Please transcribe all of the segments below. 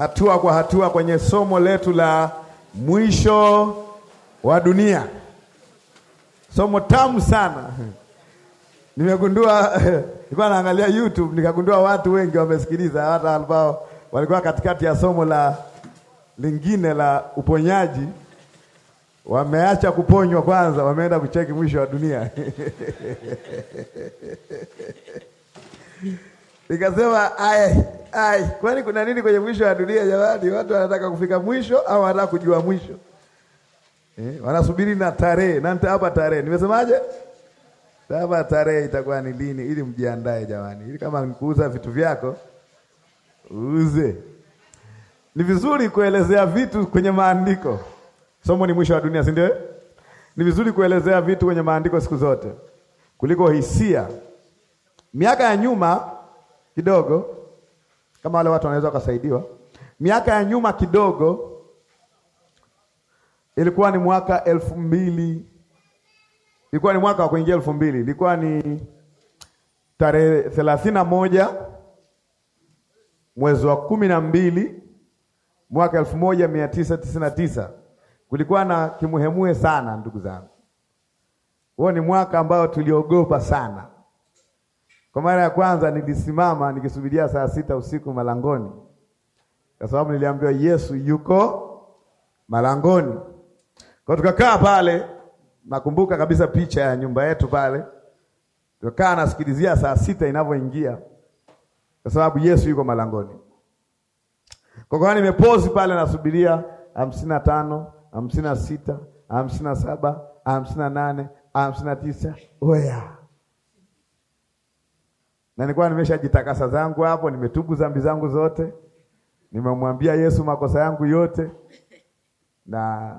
hatua kwa hatua kwenye somo letu la mwisho wa dunia. Somo tamu sana. Nimegundua nilikuwa naangalia YouTube nikagundua watu wengi wamesikiliza, hata ambao walikuwa katikati ya somo la lingine la uponyaji wameacha kuponywa kwanza, wameenda kucheki mwisho wa dunia. Nikasema ai ai, kwani kuna nini kwenye mwisho wa dunia jamani? Watu wanataka kufika mwisho au wanataka kujua mwisho eh? Wanasubiri na tarehe na nitawapa tarehe. Nimesemaje? Taba tarehe itakuwa ni lini, ili mjiandae jamani, ili kama nikuuza vitu vyako uuze. Ni vizuri kuelezea vitu kwenye maandiko. Somo ni mwisho wa dunia, si ndio? Ni vizuri kuelezea vitu kwenye maandiko siku zote kuliko hisia. Miaka ya nyuma kidogo, kama wale watu wanaweza wakasaidiwa. Miaka ya nyuma kidogo ilikuwa ni mwaka elfu mbili ilikuwa ni mwaka wa kuingia elfu mbili ilikuwa ni tarehe thelathini na moja mwezi wa kumi na mbili mwaka elfu moja mia tisa tisini na tisa kulikuwa na kimuhemuhe sana ndugu zangu. Huo ni mwaka ambao tuliogopa sana, kwa mara ya kwanza nilisimama nikisubiria saa sita usiku malangoni, kwa sababu niliambiwa Yesu yuko malangoni. Kwa tukakaa pale, nakumbuka kabisa picha ya nyumba yetu pale, tukakaa nasikilizia saa sita inavyoingia, kwa sababu Yesu yuko malangoni. Kwa kwa nimepozi pale nasubiria hamsini na tano hamsini na sita hamsini na saba hamsini na nane hamsini na tisa oya na nilikuwa nimeshajitakasa zangu hapo, nimetubu dhambi zangu zote, nimemwambia Yesu makosa yangu yote. Na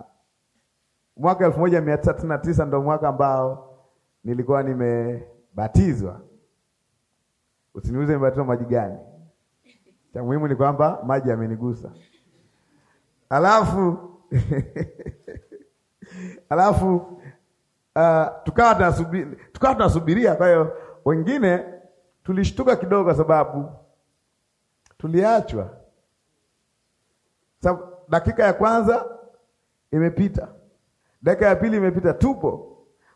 mwaka elfu moja mia tisa tisini na tisa ndo mwaka ambao nilikuwa nimebatizwa. Usiniuze nimebatizwa maji gani, cha muhimu ni kwamba maji yamenigusa. Alafu alafu uh, tukawa tunasubiria, tukawa tunasubiria. Kwa hiyo wengine tulishtuka kidogo, kwa sababu tuliachwa. Sababu dakika ya kwanza imepita, dakika ya pili imepita, tupo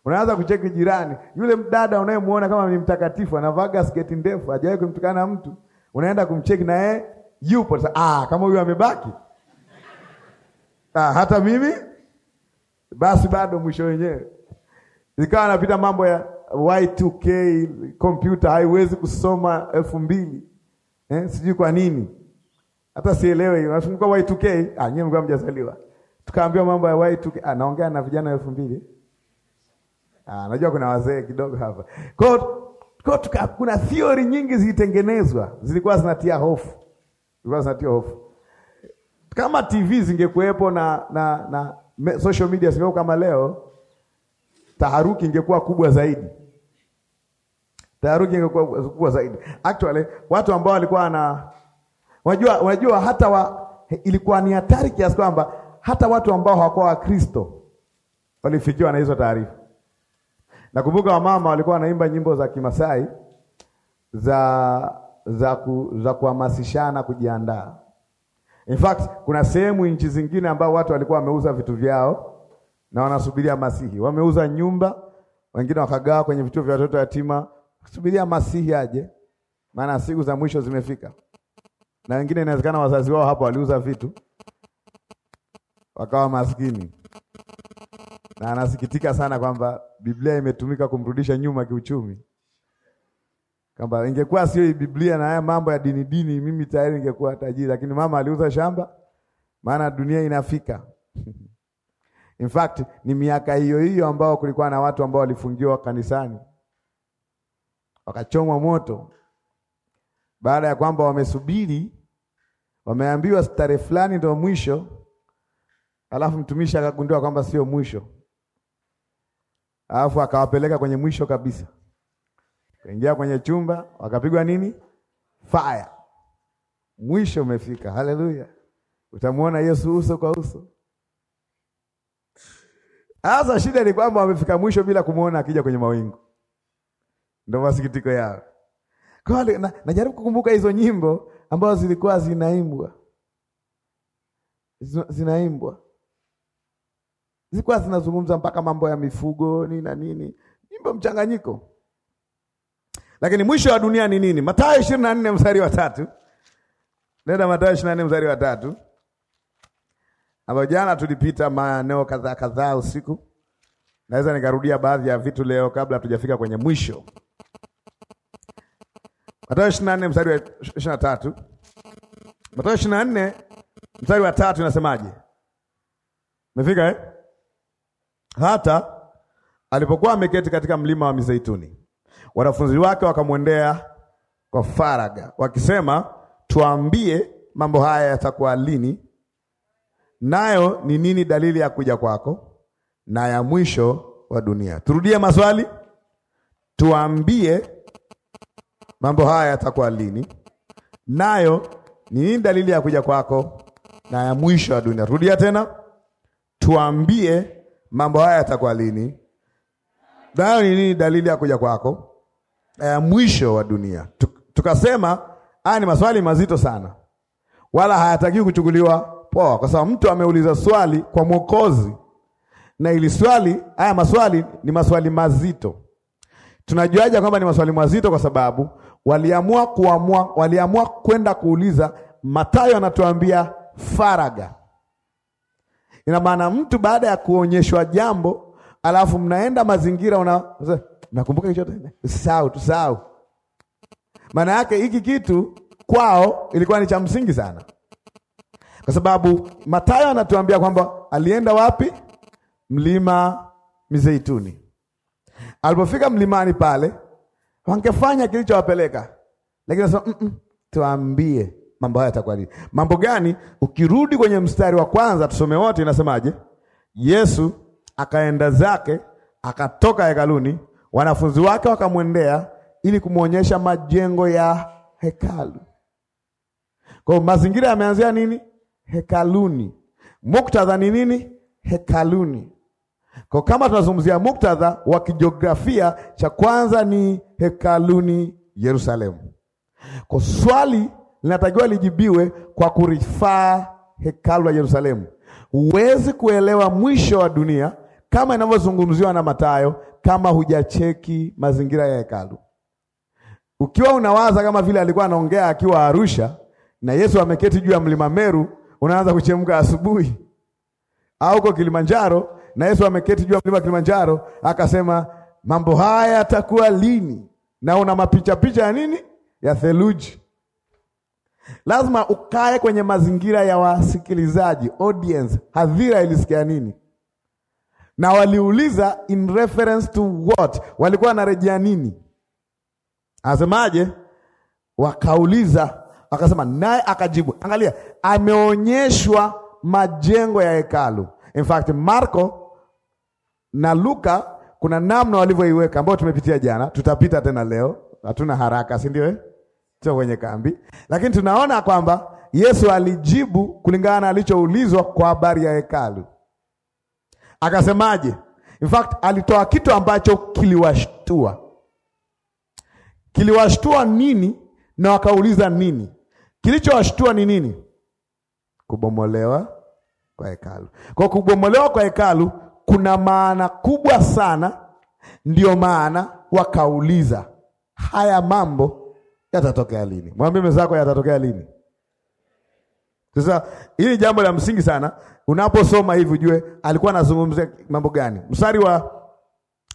Unaanza kucheki jirani, yule mdada unayemuona kama ni mtakatifu, anavaga sketi ndefu, hajawahi kumtukana mtu, unaenda kumcheki naye yupo sasa. Ah, kama huyu amebaki, ah, hata mimi basi, bado mwisho wenyewe. Ikawa anapita mambo ya Y2K kompyuta haiwezi kusoma elfu mbili eh, sijui kwa nini, hata sielewe hiyo. Nafunguka Y2K, ah, nyewe mlikuwa mjazaliwa, tukaambiwa mambo ya Y2K. Ah, naongea na vijana elfu mbili ah, najua kuna wazee kidogo hapa kwa kwa tuka, kuna theory nyingi zilitengenezwa, zilikuwa zinatia hofu, zilikuwa zinatia hofu. Kama TV zingekuwepo na na na social media zingekuwa kama leo taharuki ingekuwa kubwa zaidi, taharuki ingekuwa kubwa zaidi. Actually watu ambao walikuwa na unajua, unajua hata wa, ilikuwa ni hatari kiasi kwamba hata watu ambao hawakuwa Wakristo walifikiwa na hizo taarifa. Nakumbuka wamama walikuwa wanaimba nyimbo za Kimasai za za, ku, za kuhamasishana kujiandaa. In fact kuna sehemu nchi zingine ambao watu walikuwa wameuza vitu vyao na wanasubiria Masihi. Wameuza nyumba, wengine wakagawa kwenye vituo vya watoto yatima, kusubiria Masihi aje, maana siku za mwisho zimefika. Na wengine inawezekana wazazi wao hapo waliuza vitu wakawa maskini, na anasikitika sana kwamba Biblia imetumika kumrudisha nyuma kiuchumi, kwamba ingekuwa sio Biblia na haya mambo ya dini dini, mimi tayari ningekuwa tajiri, lakini mama aliuza shamba, maana dunia inafika In fact ni miaka hiyo hiyo ambao kulikuwa na watu ambao walifungiwa kanisani wakachomwa moto, baada ya kwamba wamesubiri, wameambiwa starehe fulani ndio mwisho, alafu mtumishi akagundua kwamba sio mwisho, alafu akawapeleka kwenye mwisho kabisa, kaingia kwenye chumba, wakapigwa nini, fire. Mwisho umefika. Haleluya! Utamwona Yesu uso kwa uso. Sasa shida ni kwamba wamefika mwisho bila kumwona akija kwenye mawingu, ndio masikitiko yao. Kwa na, najaribu kukumbuka hizo nyimbo ambazo zilikuwa zinaimbwa zinaimbwa zilikuwa zinazungumza mpaka mambo ya mifugo nini na nini, nyimbo mchanganyiko. Lakini mwisho wa dunia ni nini? Mathayo ishirini na nne mstari wa tatu. Nenda Mathayo ishirini na nne mstari wa tatu ambayo jana tulipita maeneo kadhaa kadhaa usiku. Naweza nikarudia baadhi ya vitu leo kabla hatujafika kwenye mwisho. Mathayo 24 mstari wa 23. Mathayo 24 mstari wa tatu inasemaje? Umefika eh? Hata alipokuwa ameketi katika mlima wa Mizeituni, wanafunzi wake wakamwendea kwa faraga wakisema, tuambie mambo haya yatakuwa lini nayo ni nini dalili ya kuja kwako na ya mwisho wa dunia? Turudie maswali, tuambie mambo haya yatakuwa lini, nayo ni nini dalili ya kuja kwako na ya mwisho wa dunia? Rudia tena, tuambie mambo haya yatakuwa lini, nayo ni nini dalili ya kuja kwako na ya mwisho wa dunia? Tukasema haya ni maswali mazito sana, wala hayatakiwi kuchukuliwa poa, kwa sababu mtu ameuliza swali kwa Mwokozi, na ili swali, haya maswali ni maswali mazito. Tunajuaje kwamba ni maswali mazito? Kwa sababu waliamua kuamua, waliamua kwenda kuuliza. Mathayo anatuambia faraga. Ina maana mtu baada ya kuonyeshwa jambo, alafu mnaenda mazingira una nakumbuka hicho tena, usisahau, tusahau. Maana yake hiki kitu kwao ilikuwa ni cha msingi sana kwa sababu Mathayo anatuambia kwamba alienda wapi? Mlima Mizeituni. Alipofika mlimani pale, wangefanya kilichowapeleka, lakini anasema mm -mm, tuambie mambo haya yatakuwa nini? Mambo gani? Ukirudi kwenye mstari wa kwanza tusome wote, inasemaje? Yesu akaenda zake, akatoka hekaluni, wanafunzi wake wakamwendea ili kumwonyesha majengo ya hekalu. Kwa mazingira yameanzia nini? hekaluni. Muktadha ni nini? Hekaluni. Kwa kama tunazungumzia muktadha wa kijiografia, cha kwanza ni hekaluni Yerusalemu. Kwa swali linatakiwa lijibiwe kwa kurifaa hekalu la Yerusalemu. Huwezi kuelewa mwisho wa dunia kama inavyozungumziwa na Mathayo kama hujacheki mazingira ya hekalu. Ukiwa unawaza kama vile alikuwa anaongea akiwa Arusha na Yesu ameketi juu ya mlima Meru, unaanza kuchemka asubuhi, au uko Kilimanjaro na Yesu ameketi juu ya mlima Kilimanjaro, akasema mambo haya yatakuwa lini, na una mapicha picha ya nini ya theluji. Lazima ukae kwenye mazingira ya wasikilizaji, audience, hadhira ilisikia nini? Na waliuliza in reference to what, walikuwa wanarejea nini? Asemaje? Wakauliza Akasema naye akajibu. Angalia, ameonyeshwa majengo ya hekalu. In fact, Marko na Luka kuna namna walivyoiweka ambayo tumepitia jana, tutapita tena leo, hatuna haraka, si ndio? Eh? Sio kwenye kambi, lakini tunaona kwamba Yesu alijibu kulingana na alichoulizwa kwa habari ya hekalu. Akasemaje? In fact, alitoa kitu ambacho kiliwashtua. Kiliwashtua nini na wakauliza nini? Kilichowashtua ni nini? Kubomolewa kwa hekalu. Kwa kubomolewa kwa hekalu kuna maana kubwa sana, ndio maana wakauliza haya mambo yatatokea lini? Mwambie mwenzako yatatokea lini? Sasa hili jambo la msingi sana, unaposoma hivi ujue alikuwa anazungumzia mambo gani. Mstari wa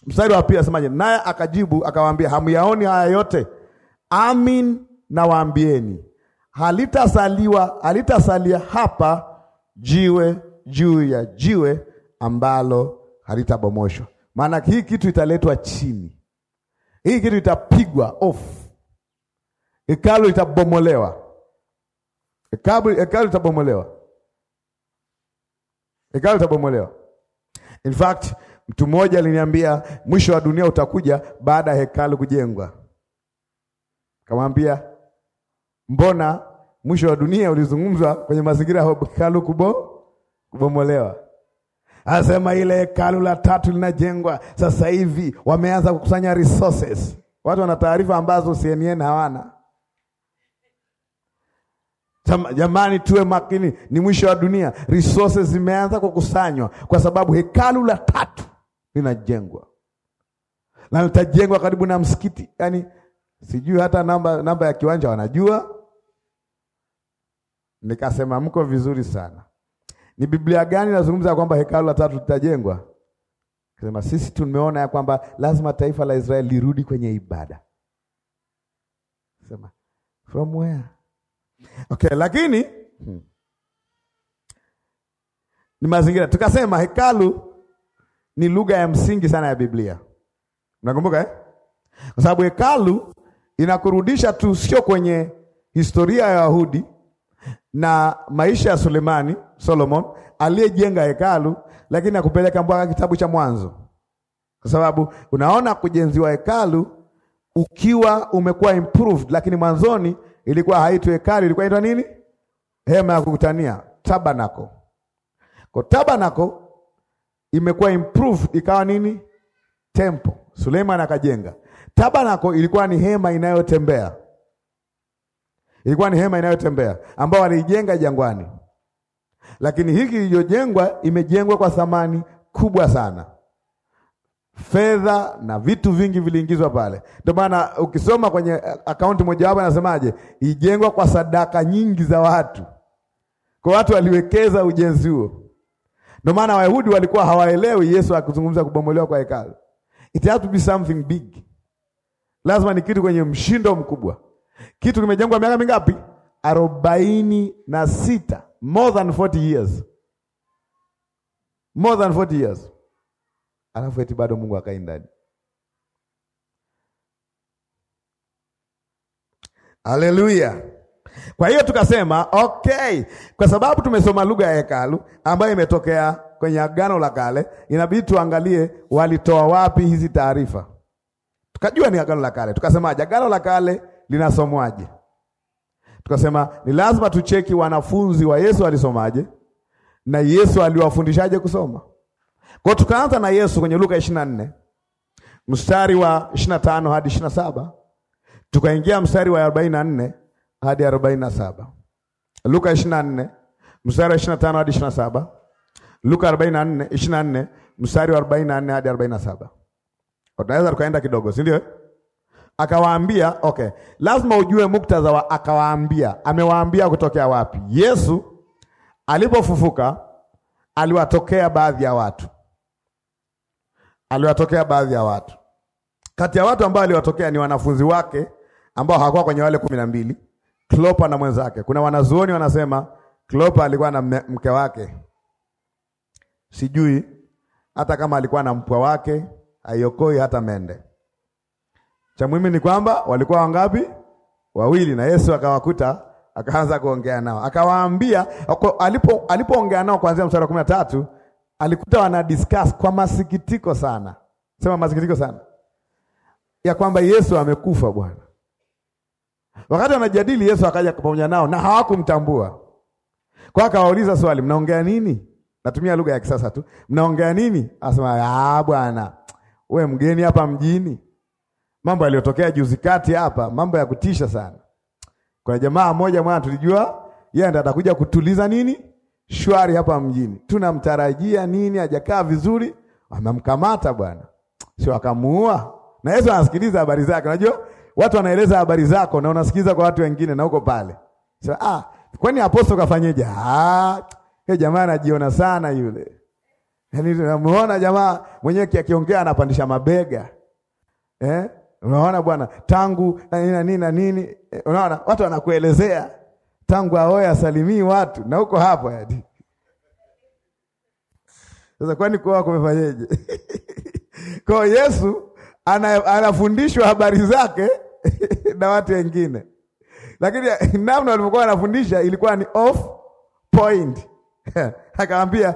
mstari wa pili asemaje? Naye akajibu akawaambia, hamyaoni haya yote? Amin nawaambieni halitasaliwa halitasalia hapa jiwe juu ya jiwe ambalo halitabomoshwa. Maana hii kitu italetwa chini, hii kitu itapigwa off, hekalu itabomolewa, hekalu itabomolewa, hekalu itabomolewa. In fact mtu mmoja aliniambia mwisho wa dunia utakuja baada ya hekalu kujengwa. Kamwambia mbona mwisho wa dunia ulizungumzwa kwenye mazingira ya hekalu kubo kubomolewa. Anasema ile hekalu la tatu linajengwa sasa hivi, wameanza kukusanya resources. Watu wana taarifa ambazo CNN hawana. Jamani, tuwe makini, ni mwisho wa dunia. Resources zimeanza kukusanywa kwa sababu hekalu la tatu linajengwa na litajengwa karibu na msikiti. Yaani sijui hata namba, namba ya kiwanja wanajua Nikasema mko vizuri sana. Ni Biblia gani inazungumza kwamba hekalu la tatu litajengwa? Kasema sisi tumeona ya kwamba lazima taifa la Israeli lirudi kwenye ibada. Sema from where? Okay, lakini hmm, ni mazingira. Tukasema hekalu ni lugha ya msingi sana ya Biblia. Unakumbuka eh? Kwa sababu hekalu inakurudisha tu sio kwenye historia ya Wayahudi na maisha ya Sulemani Solomon aliyejenga hekalu, lakini akupeleka mpaka kitabu cha Mwanzo, kwa sababu unaona kujenziwa hekalu ukiwa umekuwa improved, lakini mwanzoni ilikuwa haitwi hekalu, ilikuwa inaitwa nini? Hema ya kukutania, tabernacle. Kwa tabernacle imekuwa improved ikawa nini? Temple. Suleiman akajenga tabernacle, ilikuwa ni hema inayotembea Ilikuwa ni hema inayotembea ambao waliijenga jangwani, lakini hiki iliyojengwa imejengwa kwa thamani kubwa sana, fedha na vitu vingi viliingizwa pale. Ndio maana ukisoma kwenye akaunti mojawapo anasemaje, ijengwa kwa sadaka nyingi za watu, kwa watu waliwekeza ujenzi huo. Ndio maana Wayahudi walikuwa hawaelewi Yesu akizungumza kubomolewa kwa hekalu. It has to be something big, lazima ni kitu kwenye mshindo mkubwa kitu kimejengwa miaka mingapi? arobaini na sita. More than 40 years, more than 40 years. Alafu eti bado Mungu akai ndani. Haleluya! Kwa hiyo tukasema okay, kwa sababu tumesoma lugha ya hekalu ambayo imetokea kwenye Agano la Kale, inabidi tuangalie walitoa wapi hizi taarifa, tukajua ni Agano la Kale. Tukasemaje? Agano la Kale linasomwaje? Tukasema ni lazima tucheki wanafunzi wa Yesu alisomaje na Yesu aliwafundishaje kusoma. Kwa tukaanza na Yesu kwenye Luka 24 mstari wa 25 hadi 27, tukaingia mstari wa 44 hadi 47. Luka 24 mstari wa 25 hadi 27, Luka 44 24 mstari wa 44 hadi 47. Tunaweza tukaenda kidogo, si ndio? Akawaambia okay, lazima ujue muktadha wa akawaambia. Amewaambia kutokea wapi? Yesu alipofufuka aliwatokea baadhi ya watu, aliwatokea baadhi ya watu. Kati ya watu ambao aliwatokea ni wanafunzi wake ambao hawakuwa kwenye wale kumi na mbili, Klopa na mwenzake. Kuna wanazuoni wanasema Klopa alikuwa na mke wake, sijui hata kama alikuwa na mpwa wake, aiokoi hata mende cha muhimu ni kwamba walikuwa wangapi? Wawili, na Yesu akawakuta akaanza kuongea nao, akawaambia. Alipo alipoongea nao kuanzia mstari wa kumi na tatu alikuta wana discuss kwa masikitiko sana, sema masikitiko sana ya kwamba Yesu amekufa Bwana. Wakati wanajadili, Yesu akaja pamoja nao na hawakumtambua kwa, akawauliza swali, mnaongea nini? Natumia lugha ya kisasa tu, mnaongea nini? Asema, ah, bwana we mgeni hapa mjini mambo yaliyotokea juzi kati hapa, mambo ya kutisha sana. Kuna jamaa moja mwana tulijua yeye ndiye atakuja kutuliza nini shwari hapa mjini, tunamtarajia nini, hajakaa vizuri, amemkamata bwana, sio akamuua. Na Yesu anasikiliza habari zake. Unajua watu wanaeleza habari zako na unasikiliza kwa watu wengine na huko pale, Sio ah, kwani apostol kafanyeje? Ah, he jamaa anajiona sana yule, yaani namuona jamaa mwenyewe akiongea anapandisha mabega eh? Unaona bwana, tangu na nini na nini nini, eh, unaona watu wanakuelezea tangu aoe asalimii watu na huko hapo hadi sasa, kwani kuoa kumefanyeje? Kwa Yesu anafundishwa habari zake na watu wengine, lakini namna walivyokuwa wanafundisha ilikuwa ni off point. Akaambia,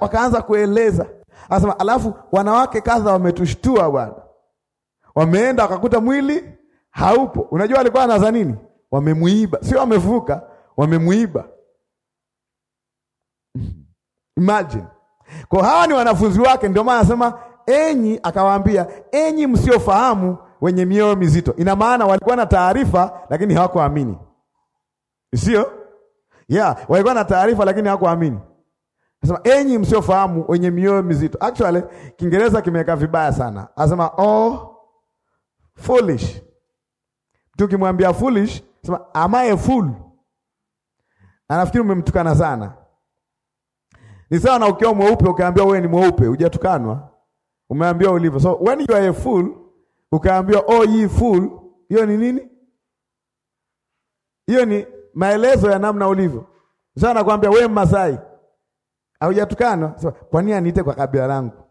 wakaanza kueleza, anasema alafu wanawake kadha wametushtua bwana Wameenda wakakuta mwili haupo. Unajua alikuwa anaza nini? Wamemuiba, sio wamevuka, wamemuiba. Imagine. Kwa hawa ni wanafunzi wake, ndio maana anasema enyi, akawaambia enyi msiofahamu wenye mioyo mizito. Ina maana walikuwa na taarifa lakini hawakuamini, sio? Yeah, walikuwa na taarifa lakini hawakuamini. Anasema enyi msiofahamu wenye mioyo mizito. Actually Kiingereza kimeweka vibaya sana, anasema oh foolish. Tukimwambia foolish, sema am I a fool? Anafikiri umemtukana sana. Ni sawa na ukiwa mweupe ukaambiwa wewe ni mweupe, hujatukanwa. Umeambiwa ulivyo. So when you are a fool, ukaambiwa oh ye fool, hiyo ni nini? Hiyo ni maelezo ya namna ulivyo. Sasa nakwambia wewe Masai, hujatukanwa. Sema kwa nini aniite kwa kabila langu?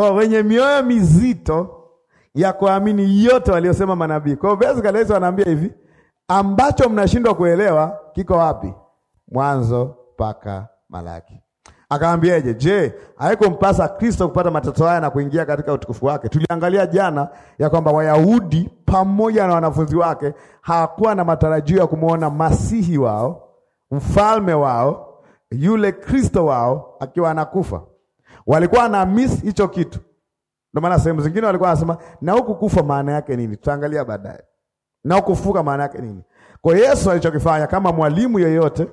kwa wenye mioyo mizito ya kuamini yote waliosema manabii. Kwa hiyo basically Yesu anaambia hivi, ambacho mnashindwa kuelewa kiko wapi? Mwanzo mpaka Malaki. Akaambiaje? Je, haikumpasa Kristo kupata mateso haya na kuingia katika utukufu wake? Tuliangalia jana ya kwamba Wayahudi pamoja na wanafunzi wake hawakuwa na matarajio ya kumwona Masihi wao, mfalme wao, yule Kristo wao akiwa anakufa walikuwa na miss hicho kitu. Ndio maana sehemu zingine walikuwa wanasema na huku kufa maana yake nini? Tutaangalia baadaye. Na huku kufuka maana yake nini? Kwa Yesu alichokifanya kama mwalimu yeyote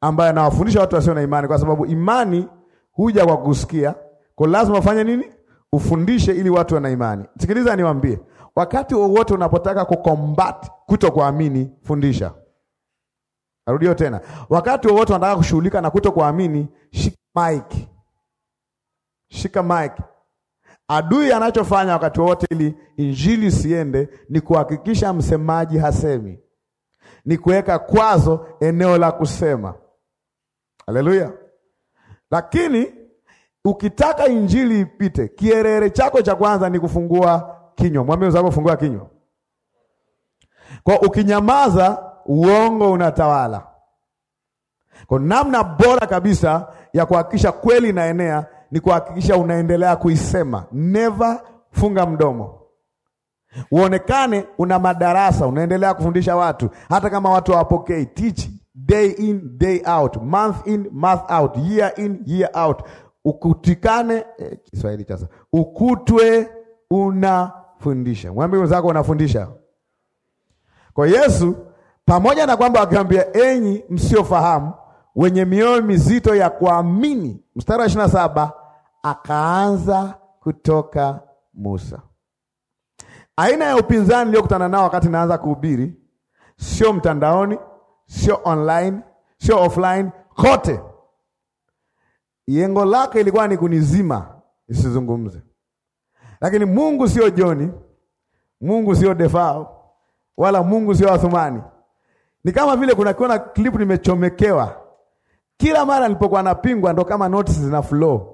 ambaye anawafundisha watu wasio na imani, kwa sababu imani huja kwa kusikia, kwa lazima ufanye nini? Ufundishe ili watu wana imani. Sikiliza niwaambie, wakati wowote unapotaka kukombat kutokuamini, fundisha. Narudio tena, wakati wowote unataka kushughulika na kutokuamini, shika mike Shika mic. Adui anachofanya wakati wote ili injili isiende ni kuhakikisha msemaji hasemi, ni kuweka kwazo eneo la kusema. Haleluya! Lakini ukitaka injili ipite, kierere chako cha kwanza ni kufungua kinywa. Mwambie fungua kinywa, kwa ukinyamaza, uongo unatawala. Kwa namna bora kabisa ya kuhakikisha kweli inaenea ni kuhakikisha unaendelea kuisema. Never funga mdomo, uonekane una madarasa, unaendelea kufundisha watu, hata kama watu hawapokei. Teach day in day out, month in month out, year in year out, ukutikane eh, Kiswahili chasa, ukutwe unafundisha. Mwambie mwenzako unafundisha. Kwa Yesu, pamoja na kwamba akiambia enyi msiofahamu wenye mioyo mizito ya kuamini, mstari wa ishirini na saba akaanza kutoka Musa. Aina ya upinzani niliyokutana nao wakati naanza kuhubiri, sio mtandaoni, sio online, sio offline, kote yengo lake ilikuwa ni kunizima nisizungumze. Lakini Mungu sio Joni, Mungu sio Defao, wala Mungu sio Athumani. Ni kama vile kuna kiona clip nimechomekewa kila mara nilipokuwa napingwa, ndo kama notisi zina flow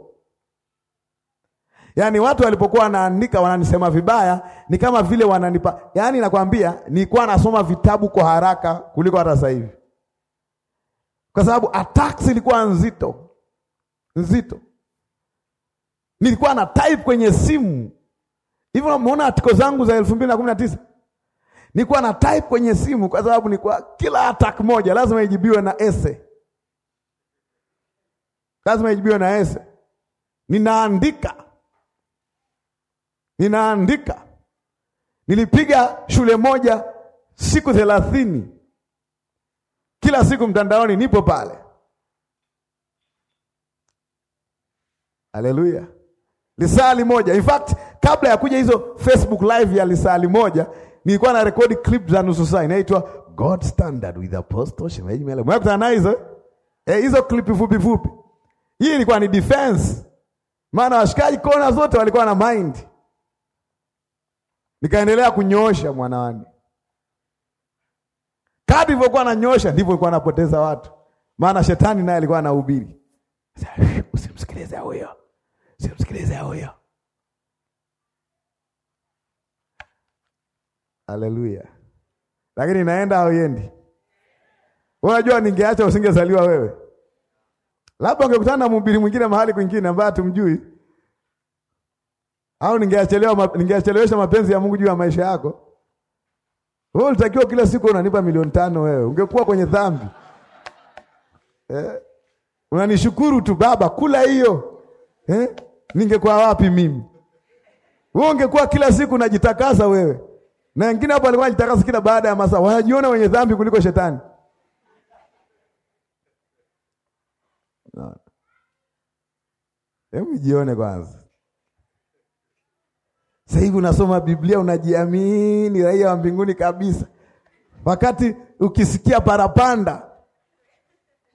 Yaani watu walipokuwa wanaandika wananisema vibaya, ni kama vile wananipa. Yaani nakwambia nilikuwa nasoma vitabu kwa haraka kuliko hata sasa hivi. Kwa sababu attacks ilikuwa nzito. Nzito. Nilikuwa na type kwenye simu. Hivyo unaona atiko zangu za 2019. Nilikuwa na type kwenye simu kwa sababu nilikuwa kila attack moja lazima ijibiwe na essay. Lazima ijibiwe na essay. Ninaandika ninaandika. Nilipiga shule moja siku thelathini, kila siku mtandaoni, nipo pale. Haleluya! lisali moja. In fact, kabla ya kuja hizo Facebook live ya lisali moja, nilikuwa na rekodi clip za nusu saa inaitwa God Standard with Apostle Shemeji Mele. Mwakutana na hizo eh, hizo clip fupi fupi. Hii ilikuwa ni defense, maana washikaji kona zote walikuwa na mind nikaendelea kunyoosha mwanawani, kadri ilivyokuwa nanyoosha ndivyo ilikuwa napoteza watu, maana shetani naye alikuwa anahubiri, usimsikilize huyo, usimsikilize huyo. Haleluya! Lakini naenda au yendi? Unajua, ningeacha usingezaliwa wewe, labda ungekutana na mhubiri mwingine mahali kwingine ambaye tumjui au ningeachelewa, ningeachelewesha mapenzi ya Mungu juu ya maisha yako. Wewe ulitakiwa kila siku unanipa milioni tano, wewe ungekuwa kwenye dhambi eh? Unanishukuru tu baba, kula hiyo eh? Ningekuwa wapi mimi? Wewe ungekuwa kila siku unajitakasa wewe, na wengine hapo walikuwa wanajitakasa kila baada ya masaa, wanajiona wenye dhambi kuliko shetani. Hebu jione kwanza. Sasa hivi unasoma Biblia unajiamini raia wa mbinguni kabisa, wakati ukisikia parapanda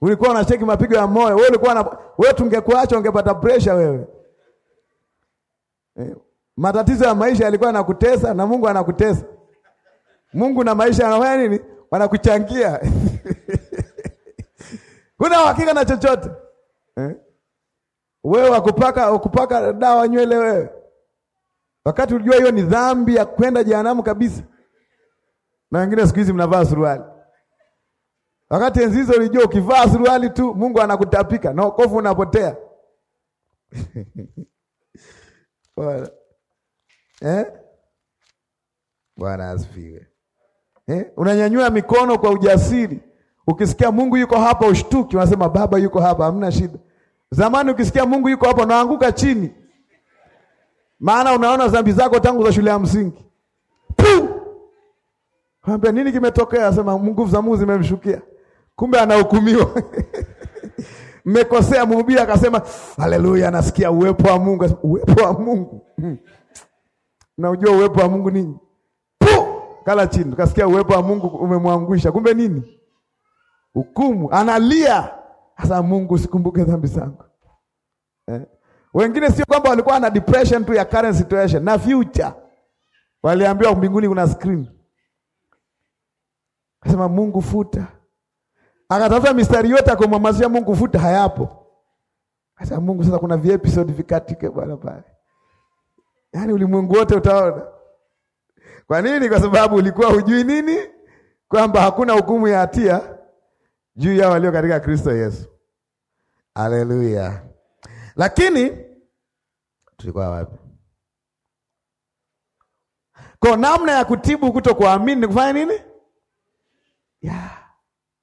ulikuwa unacheki mapigo ya moyo wewe, ulikuwa na wewe, tungekuacha ungepata pressure wewe. eh. matatizo ya maisha yalikuwa yanakutesa na Mungu anakutesa. Mungu na maisha yanafanya nini? Wanakuchangia kuna uhakika na chochote eh? Wewe wakupaka wakupaka dawa nywele wewe Wakati ulijua hiyo ni dhambi ya kwenda jehanamu kabisa, na wengine siku hizi mnavaa suruali. Wakati enzi hizo ulijua ukivaa suruali tu Mungu anakutapika na wokovu unapotea. Bwana eh? Bwana asifiwe. Eh? Unanyanyua mikono kwa ujasiri. Ukisikia Mungu yuko hapa ushtuki, unasema Baba yuko hapa, hamna shida. Zamani ukisikia Mungu yuko hapa unaanguka chini maana unaona dhambi zako tangu za shule ya msingi. Ambia nini kimetokea? Asema nguvu za Mungu zimemshukia, kumbe anahukumiwa mmekosea. Mhubiri akasema haleluya, nasikia uwepo wa Mungu. Uwepo wa Mungu hmm. na ujua uwepo wa Mungu nini? Kala chini, kasikia uwepo wa Mungu umemwangusha, kumbe nini? Hukumu. Analia sasa, Mungu sikumbuke dhambi zangu eh? Wengine sio kwamba walikuwa na depression tu ya current situation na future, waliambiwa mbinguni kuna screen, akasema Mungu futa, akatafuta mistari yote akamwamazia Mungu futa, hayapo. Akasema Mungu, sasa kuna viepisode vikatike bwana pale, yaani ulimwengu wote utaona. Kwa nini? Kwa sababu ulikuwa hujui nini, kwamba hakuna hukumu ya hatia juu ya walio katika Kristo Yesu. Haleluya! Lakini tulikuwa wapi? Kwa namna ya kutibu kuto kuamini ni kufanya nini? Yeah.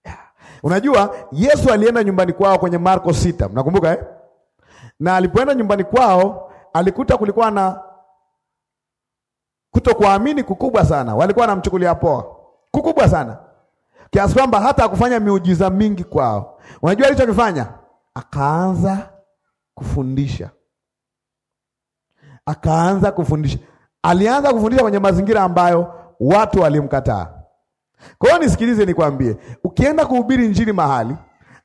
Yeah. Unajua Yesu alienda nyumbani kwao kwenye Marko sita, mnakumbuka eh? Na alipoenda nyumbani kwao alikuta kulikuwa na kutokuamini kukubwa sana, walikuwa wanamchukulia poa kukubwa sana kiasi kwamba hata kufanya miujiza mingi kwao. Unajua alichokifanya? Akaanza kufundisha akaanza kufundisha. Alianza kufundisha kwenye mazingira ambayo watu walimkataa. Kwa hiyo nisikilize, nikwambie, ukienda kuhubiri injili mahali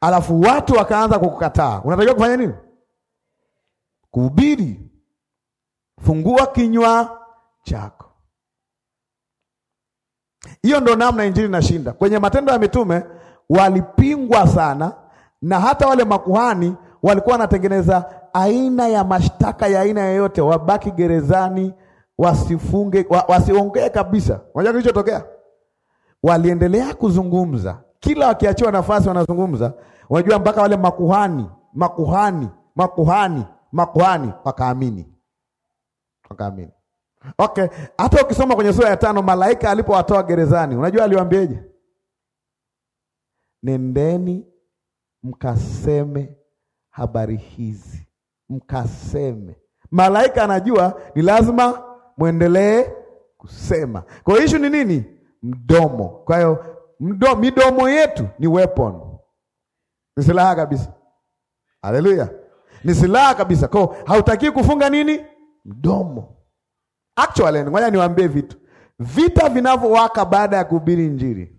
alafu watu wakaanza kukukataa, unatakiwa kufanya nini? Kuhubiri. Fungua kinywa chako. Hiyo ndo namna injili inashinda. Kwenye Matendo ya Mitume walipingwa sana, na hata wale makuhani walikuwa wanatengeneza aina ya mashtaka ya aina yoyote, wabaki gerezani, wasifunge, wasiongee kabisa. Unajua kilichotokea? Waliendelea kuzungumza, kila wakiachiwa nafasi wanazungumza. Unajua mpaka wale makuhani makuhani makuhani makuhani wakaamini, wakaamini. Okay, hata ukisoma kwenye sura ya tano, malaika alipowatoa gerezani, unajua aliwaambiaje? Nendeni mkaseme habari hizi mkaseme. Malaika anajua ni lazima mwendelee kusema. Kwa hiyo ni nini? Mdomo. Kwa hiyo mdo, midomo yetu ni weapon, ni silaha kabisa. Haleluya, ni silaha kabisa. Kwa hiyo hautaki kufunga nini mdomo. Actually, ngoja niwaambie vitu, vita vinavyowaka baada ya kuhubiri Injili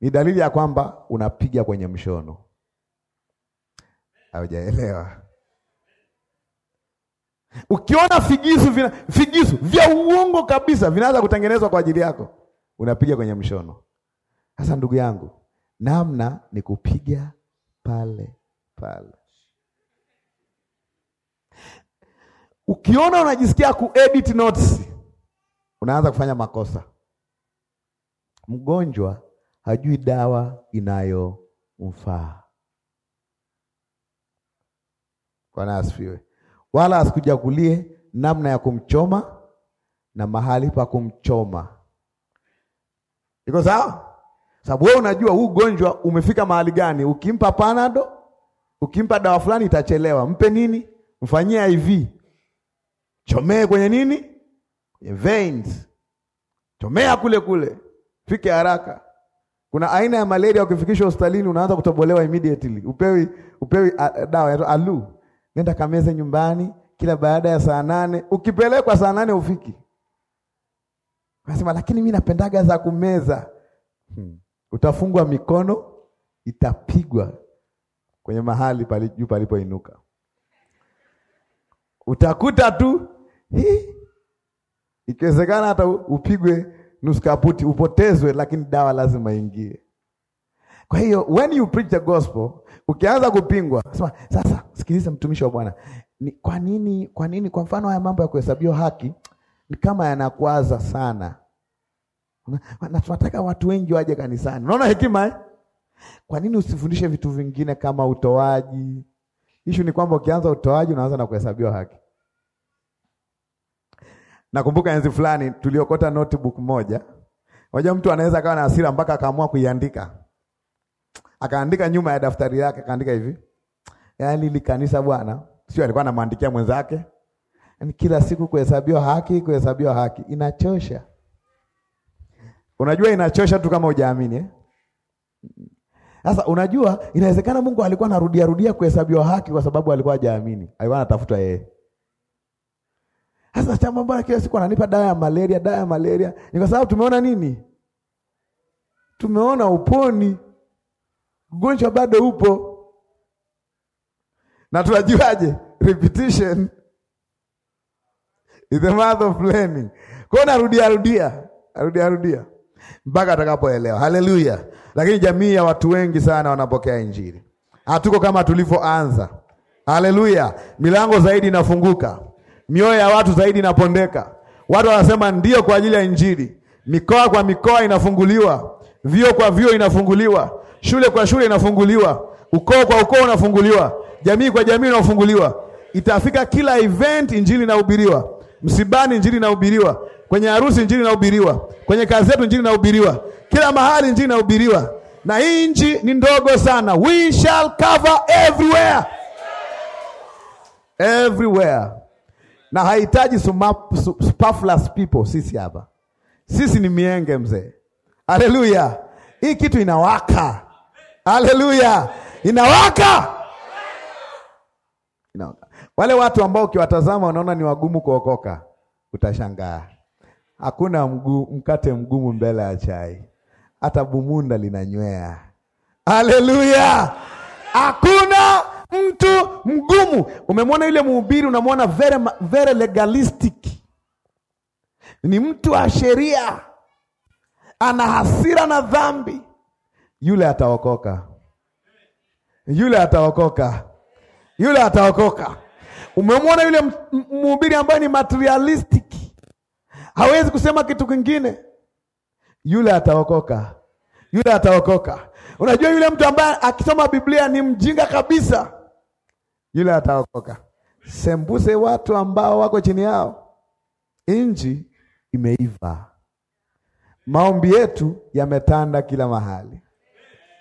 ni dalili ya kwamba unapiga kwenye mshono. Haujaelewa? Ukiona figisu vina, figisu vya uongo kabisa vinaanza kutengenezwa kwa ajili yako, unapiga kwenye mshono. Sasa ndugu yangu, namna ni kupiga pale pale. Ukiona unajisikia edit notes, unaanza kufanya makosa. Mgonjwa hajui dawa inayomfaa. Bwana asifiwe wala asikujagulie namna ya kumchoma na mahali pa kumchoma. Iko sawa? Sababu wewe unajua huu ugonjwa umefika mahali gani. Ukimpa panado, ukimpa dawa fulani itachelewa. Mpe nini? Mfanyie IV, chomee kwenye nini, kwenye veins, chomea kule kule, fike haraka. Kuna aina ya malaria ukifikishwa hospitalini unaanza kutobolewa immediately, upewi upewi uh, dawa yaani alu nenda kameze nyumbani kila baada ya saa nane. Ukipelekwa saa nane ufiki. Nasema lakini mimi napendaga za kumeza. Hmm. Utafungwa mikono itapigwa kwenye mahali pali juu palipoinuka. Utakuta tu hii ikiwezekana hata upigwe nusu kaputi upotezwe, lakini dawa lazima ingie. Kwa hiyo when you preach the gospel, ukianza kupingwa, sema sasa, sikiliza mtumishi wa Bwana, ni kwa nini, kwa nini? Kwa mfano haya mambo ya kuhesabiwa haki ni kama yanakwaza sana, na tunataka watu wengi waje kanisani. Unaona hekima eh? Kwa nini usifundishe vitu vingine kama utoaji? Ishu ni kwamba ukianza utoaji unaanza na kuhesabiwa haki. Nakumbuka enzi fulani tuliokota notebook moja. Unajua mtu anaweza akawa na hasira mpaka akaamua kuiandika akaandika nyuma ya daftari lake akaandika hivi, yaani ili kanisa bwana, sio alikuwa anamwandikia mwenzake, yaani kila siku kuhesabiwa haki, kuhesabiwa haki inachosha. Unajua inachosha tu kama hujaamini eh? Sasa unajua inawezekana Mungu alikuwa anarudia rudia kuhesabiwa haki kwa sababu alikuwa hajaamini. Alikuwa anatafuta yeye. eh. Sasa chama bwana kila siku ananipa dawa ya malaria, dawa ya malaria. Ni kwa sababu tumeona nini? Tumeona uponi Ugonjwa bado upo, na tunajuaje? Repetition is the mother of learning. Kwa narudia rudia arudia rudia mpaka atakapoelewa. Haleluya! Lakini jamii ya watu wengi sana wanapokea Injili, hatuko kama tulivyoanza. Haleluya! Milango zaidi inafunguka, mioyo ya watu zaidi inapondeka, watu wanasema ndio kwa ajili ya Injili. Mikoa kwa mikoa inafunguliwa, vio kwa vio inafunguliwa, Shule kwa shule inafunguliwa, ukoo kwa ukoo unafunguliwa, jamii kwa jamii inafunguliwa. Itafika kila event, injili inahubiriwa. Msibani, injili inahubiriwa. Kwenye harusi, injili inahubiriwa. Kwenye kazi yetu, injili inahubiriwa. Kila mahali, injili inahubiriwa, na hii nchi ni ndogo sana. We shall cover everywhere, everywhere na hahitaji superfluous people. Sisi hapa sisi ni mienge mzee, haleluya! Hii kitu inawaka. Haleluya, inawaka inawaka. Wale watu ambao ukiwatazama unaona ni wagumu kuokoka, utashangaa hakuna mgu, mkate mgumu mbele ya chai, hata bumunda linanywea. Haleluya, hakuna mtu mgumu. Umemwona yule mhubiri, unamwona very, very legalistic, ni mtu wa sheria, ana hasira na dhambi yule ataokoka, yule ataokoka, yule ataokoka. Umemwona yule mhubiri ambaye ni materialistic, hawezi kusema kitu kingine, yule ataokoka, yule ataokoka. Unajua, yule mtu ambaye akisoma Biblia ni mjinga kabisa, yule ataokoka. Sembuse watu ambao wako chini yao, inji imeiva, maombi yetu yametanda kila mahali.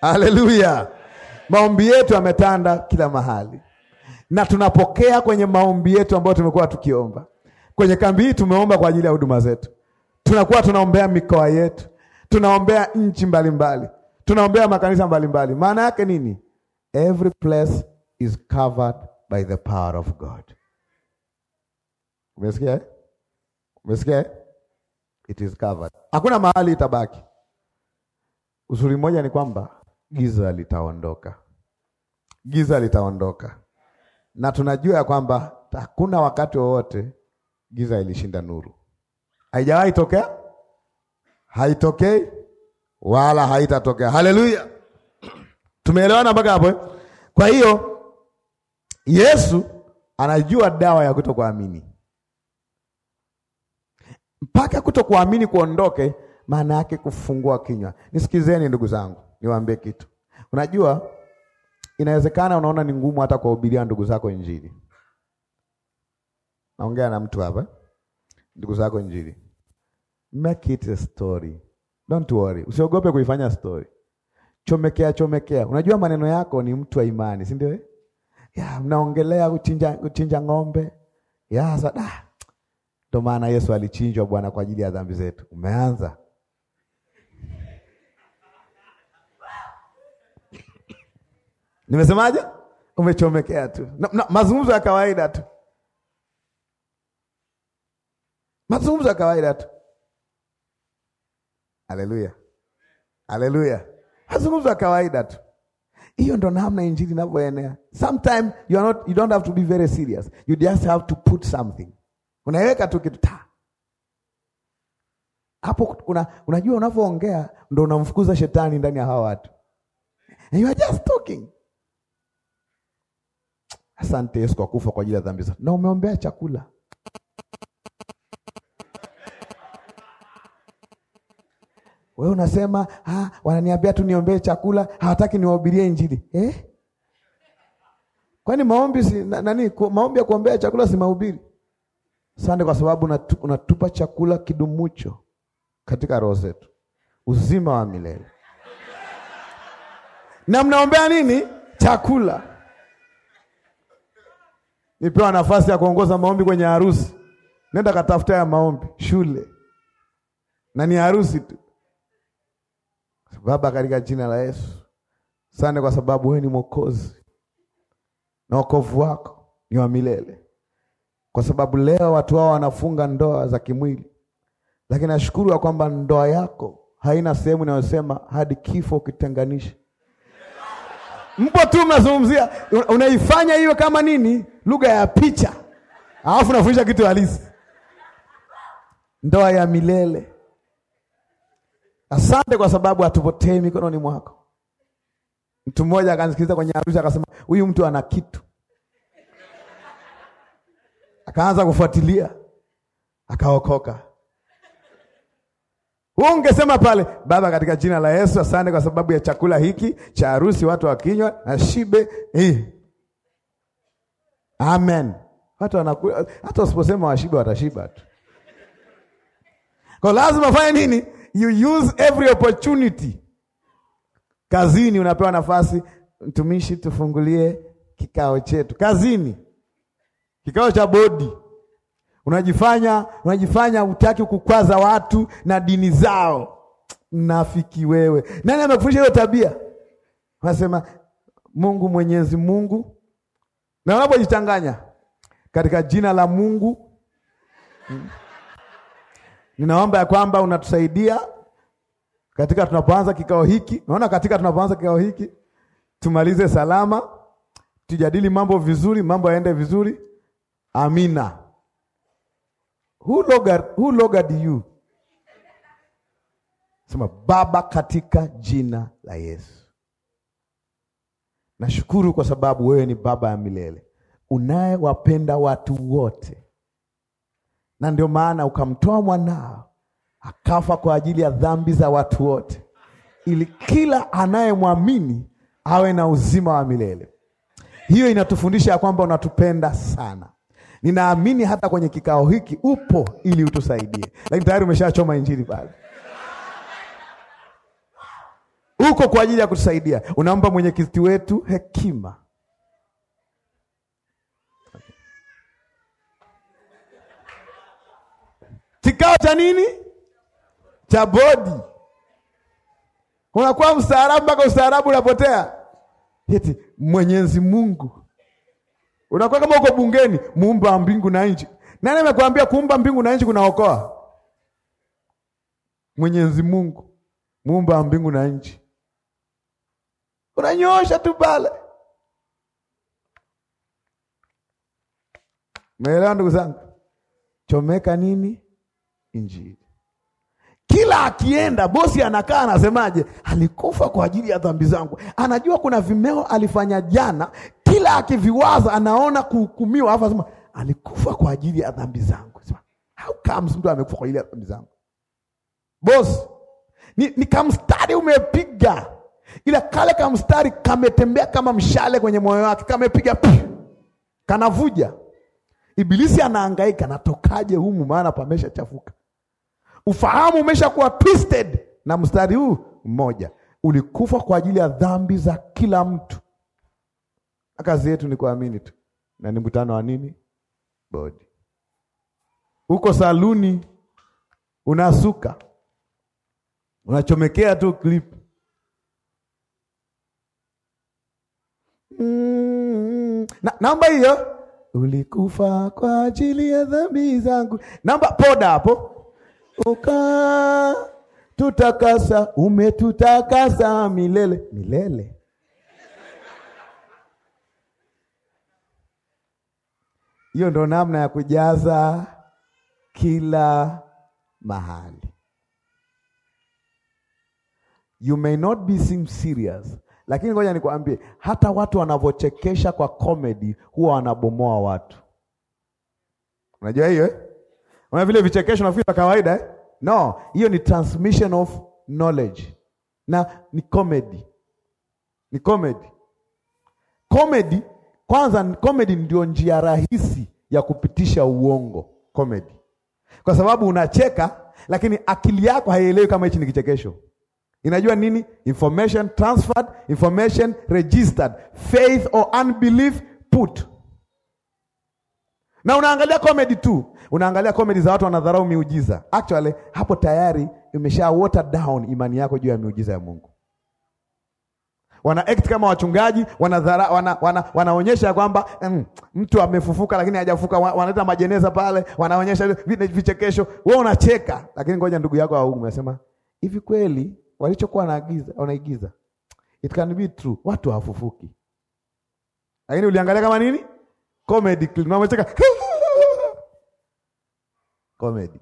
Haleluya! Maombi yetu yametanda kila mahali, na tunapokea kwenye maombi yetu ambayo tumekuwa tukiomba kwenye kambi hii. Tumeomba kwa ajili ya huduma zetu, tunakuwa tunaombea mikoa yetu, tunaombea nchi mbalimbali, tunaombea makanisa mbalimbali. Maana yake nini? Every place is covered by the power of God. Umesikia eh? Umesikia eh? It is covered. Hakuna mahali itabaki. Uzuri mmoja ni kwamba giza litaondoka, giza litaondoka, na tunajua ya kwamba hakuna wakati wowote giza ilishinda nuru. Haijawahi tokea, haitokei wala haitatokea. Haleluya, tumeelewana mpaka hapo? Eh? Kwa hiyo Yesu anajua dawa ya kutokuamini. Mpaka kutokuamini kuondoke, maana yake kufungua kinywa. Nisikizeni ndugu zangu, niwaambie kitu. Unajua, inawezekana unaona ni ngumu hata kuwahubiria ndugu zako Injili. Naongea na mtu hapa, ndugu zako Injili, make it a story, don't worry, usiogope kuifanya story. Chomekea chomekea. Unajua maneno yako ni mtu wa imani, si ndio? Ya, mnaongelea kuchinja kuchinja ng'ombe ya sada. Ndio maana Yesu alichinjwa Bwana kwa ajili ya dhambi zetu. Umeanza Nimesemaje? Umechomekea tu na, na, mazungumzo ya kawaida tu, mazungumzo ya kawaida tu. Haleluya, haleluya, mazungumzo ya kawaida tu. Hiyo ndo namna injili inavyoenea. Sometimes you are not, you don't have to be very serious, you just have to put something. Unaiweka tu kitu ta hapo una, unajua unavyoongea ndo unamfukuza shetani ndani ya hawa watu. And you are just talking Asante Yesu kwa kufa kwa ajili ya dhambi zetu, na umeombea chakula. Wewe unasema ah, wananiambia tu niombee chakula, hawataki niwahubirie injili eh? Kwani maombi si nani? Maombi ya kuombea chakula si mahubiri? Asante kwa sababu unatupa chakula kidumucho katika roho zetu, uzima wa milele na mnaombea nini? Chakula nipewa nafasi ya kuongoza maombi kwenye harusi, nenda katafuta ya maombi shule, na ni harusi tu. Baba, katika jina la Yesu, sana kwa sababu wewe ni Mwokozi na wokovu wako ni wa milele, kwa sababu leo watu hao wanafunga ndoa za kimwili, lakini nashukuru ya kwamba ndoa yako haina sehemu inayosema hadi kifo ukitenganisha mpo tu mnazungumzia, unaifanya hiyo kama nini, lugha ya picha, alafu unafundisha kitu halisi, ndoa ya milele. Asante kwa sababu hatupotei mikononi mwako. Mtu mmoja akanisikiliza kwenye arusha akasema, huyu mtu ana kitu. Akaanza kufuatilia akaokoka. Wewe ungesema pale, Baba, katika jina la Yesu, asante kwa sababu ya chakula hiki cha harusi, watu wakinywa na shibe hii. Eh. Amen. Watu wanakula, hata usiposema washibe watashiba tu. Kwa lazima fanye nini? You use every opportunity. Kazini unapewa nafasi, mtumishi, tufungulie kikao chetu. Kazini, kikao cha bodi Unajifanya unajifanya utaki kukwaza watu na dini zao. nafiki wewe, nani amekufundisha hiyo tabia? Anasema Mungu, Mwenyezi Mungu, na unapojichanganya katika jina la Mungu hmm. ninaomba ya kwamba unatusaidia katika tunapoanza kikao hiki. Naona katika tunapoanza kikao hiki tumalize salama, tujadili mambo vizuri, mambo yaende vizuri. Amina. Who logged, who logged you? Sema Baba, katika jina la Yesu nashukuru kwa sababu wewe ni Baba ya milele unayewapenda watu wote, na ndio maana ukamtoa mwanao akafa kwa ajili ya dhambi za watu wote, ili kila anayemwamini awe na uzima wa milele. Hiyo inatufundisha ya kwamba unatupenda sana. Ninaamini hata kwenye kikao hiki upo ili utusaidie, lakini tayari umeshachoma injili pale. Uko kwa ajili ya kutusaidia, unaomba mwenyekiti wetu hekima. Kikao cha nini? Cha bodi. Unakuwa mstaarabu mpaka ustaarabu unapotea. Eti Mwenyezi Mungu Unakuwa kama uko bungeni, muumba wa mbingu na nchi. Nani amekwambia kuumba mbingu na nchi kunaokoa? Mwenyezi Mungu, muumba wa mbingu na nchi. Unanyoosha tu pale. Umeelewa ndugu zangu? Chomeka nini? Injili. Kila akienda bosi anakaa anasemaje? Alikufa kwa ajili ya dhambi zangu. Anajua kuna vimeo alifanya jana, kila akiviwaza anaona kuhukumiwa, alafu alikufa kwa ajili ya dhambi zangu. How comes mtu amekufa kwa ajili ya dhambi zangu? Bosi ni, ni kamstari umepiga, ila kale kamstari kametembea kama mshale kwenye moyo wake, kamepiga kanavuja. Ibilisi anahangaika, natokaje humu, maana pameshachafuka Ufahamu umeshakuwa twisted na mstari huu mmoja, ulikufa kwa ajili ya dhambi za kila mtu. Kazi yetu ni kuamini tu, na ni mkutano wa nini? Bodi uko saluni, unasuka, unachomekea tu clip mm, na namba hiyo, ulikufa kwa ajili ya dhambi zangu, namba poda hapo uka tutakasa, umetutakasa milele milele. Hiyo ndo namna ya kujaza kila mahali. You may not be seem serious, lakini ngoja nikwambie, hata watu wanavyochekesha kwa comedy huwa wanabomoa watu. Unajua hiyo eh? Unaona vile vichekesho na vya kawaida eh? No, hiyo ni transmission of knowledge. Na ni comedy. Ni comedy. Comedy kwanza, comedy ndio njia rahisi ya kupitisha uongo, comedy. Kwa sababu unacheka lakini akili yako haielewi kama hichi ni kichekesho. Inajua nini? Information transferred, information registered, faith or unbelief put na unaangalia comedy tu, unaangalia comedy za watu wanadharau miujiza. Actually hapo tayari imesha water down imani yako juu ya miujiza ya Mungu. Wana act kama wachungaji, wanadhara, wana, wana, wanaonyesha kwamba mm, mtu amefufuka lakini hajafuka. Wanaleta majeneza pale, wanaonyesha vichekesho, wewe unacheka, lakini ngoja ndugu yako au umesema hivi, kweli walichokuwa wanaagiza wanaigiza, it can be true, watu hawafufuki, lakini uliangalia kama nini comedy clip, mama cheka hi comedy.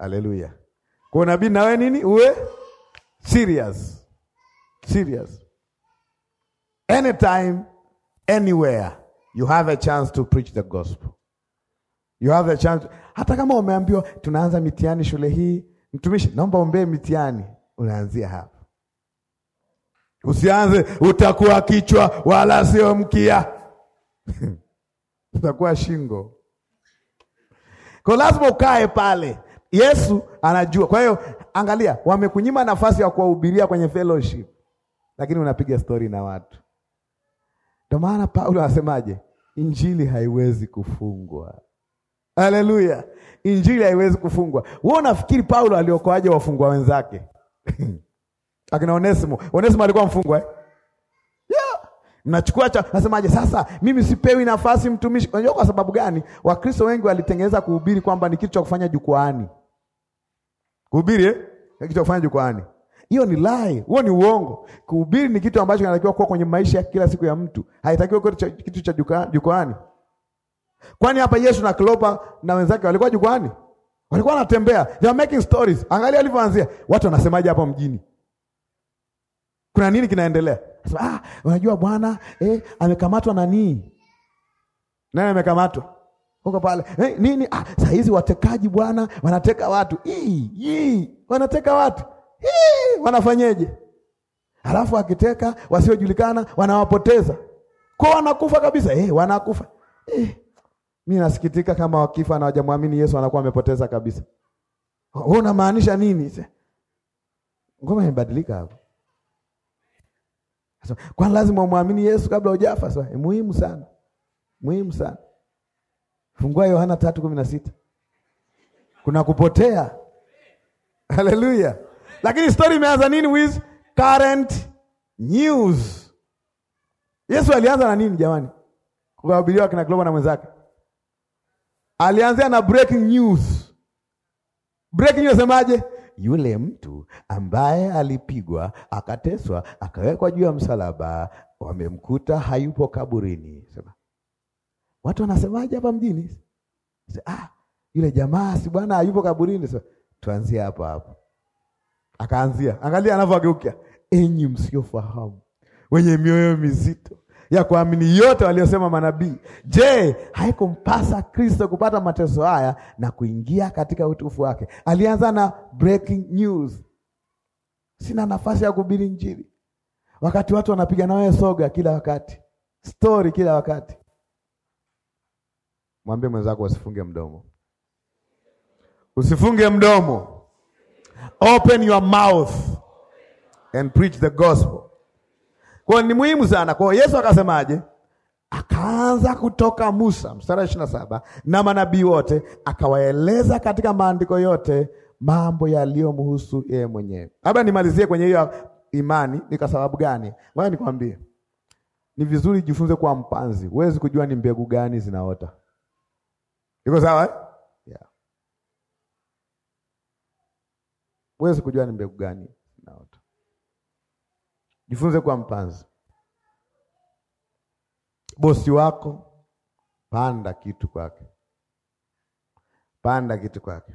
Haleluya. Kwa nabii nawe nini uwe serious. Serious. Anytime anywhere you have a chance to preach the gospel. You have a chance. Hata kama umeambiwa tunaanza mitihani shule hii, mtumishi, naomba ombee mitihani, unaanzia hapa. Usianze utakuwa kichwa wala sio mkia. Utakuwa shingo. Kwa lazima ukae pale. Yesu anajua. Kwa hiyo angalia, wamekunyima nafasi ya kuwahubiria kwenye fellowship, lakini unapiga stori na watu. Ndio maana Paulo anasemaje? Injili haiwezi kufungwa. Haleluya, injili haiwezi kufungwa. Wewe unafikiri Paulo aliokoaje wafungwa wenzake? Akina Onesimo, Onesimo alikuwa mfungwa eh? Mnachukua cha nasemaje? Sasa mimi sipewi nafasi mtumishi. Unajua kwa sababu gani? Wakristo wengi walitengeneza kuhubiri kwamba ni kitu cha kufanya jukwaani. Kuhubiri eh? Kitu cha kufanya jukwaani. Hiyo ni lie, huo ni uongo. Kuhubiri ni kitu ambacho kinatakiwa kuwa kwenye maisha ya kila siku ya mtu, haitakiwa kuwa kitu cha jukwaani. Kwani hapa Yesu na Klopa na wenzake walikuwa jukwaani? Walikuwa wanatembea. They are making stories. Angalia alivyoanzia. Watu wanasemaje hapo mjini? Kuna nini kinaendelea? Sema, ah, unajua bwana eh, amekamatwa na nini? Nani amekamatwa? Huko pale. Eh, nini? Ah, saa hizi watekaji bwana wanateka watu. Ii, ii, wanateka watu. Ii, wanafanyeje? Halafu akiteka wasiojulikana wanawapoteza. Kwa wanakufa kabisa. Eh, wanakufa. Eh. Mimi nasikitika kama wakifa na hawajamwamini Yesu anakuwa amepoteza kabisa. Wewe unamaanisha nini? Ngoma imebadilika hapo. Kwa lazima umwamini Yesu kabla hujafa? Sasa eh, muhimu sana, muhimu sana. Fungua Yohana tatu kumi na sita. Kuna kupotea. Haleluya! Lakini stori imeanza nini? With current news. Yesu alianza na nini jamani? Kuhubiriwa akina Globa na mwenzake alianzia na breaking news. Breaking news semaje? yule mtu ambaye alipigwa akateswa akawekwa juu ya msalaba, wamemkuta hayupo kaburini. Sema watu wanasemaje hapa mjini? Ah, yule jamaa si bwana hayupo kaburini. Sema tuanzie hapo hapo. Akaanzia, angalia anavyogeukia, enyi msiofahamu wenye mioyo mizito ya kuamini yote waliosema manabii. Je, haikumpasa Kristo kupata mateso haya na kuingia katika utukufu wake? Alianza na breaking news. Sina nafasi ya kuhubiri Injili wakati watu na nawe soga kila wakati, stori kila wakati. Mwambie mwenzako usifunge mdomo, usifunge mdomo. Open your mouth and preach the gospel. Kwa ni muhimu sana. Kwa Yesu akasemaje? Akaanza kutoka Musa mstari ishirini na saba na manabii wote, akawaeleza katika maandiko yote mambo yaliyomhusu yeye mwenyewe. Labda nimalizie kwenye hiyo imani. Ni kwa sababu gani? Ngoja nikwambie, ni vizuri jifunze kuwa mpanzi. Huwezi kujua ni mbegu gani zinaota. Iko sawa eh? Yeah. kujua ni mbegu gani Jifunze kuwa mpanzi. Bosi wako, panda kitu kwake, panda kitu kwake.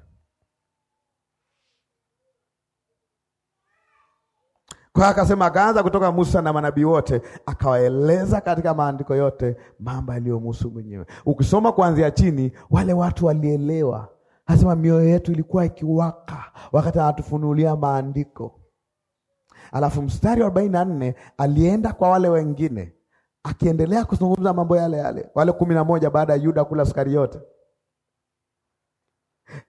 Kwa akasema, akaanza kutoka Musa na manabii wote, akawaeleza katika maandiko yote mambo yaliyomhusu mwenyewe. Ukisoma kuanzia chini, wale watu walielewa, asema mioyo yetu ilikuwa ikiwaka wakati anatufunulia maandiko Alafu mstari wa arobaini na nne alienda kwa wale wengine, akiendelea kuzungumza mambo yale yale, wale kumi na moja baada ya Yuda kula sukari yote.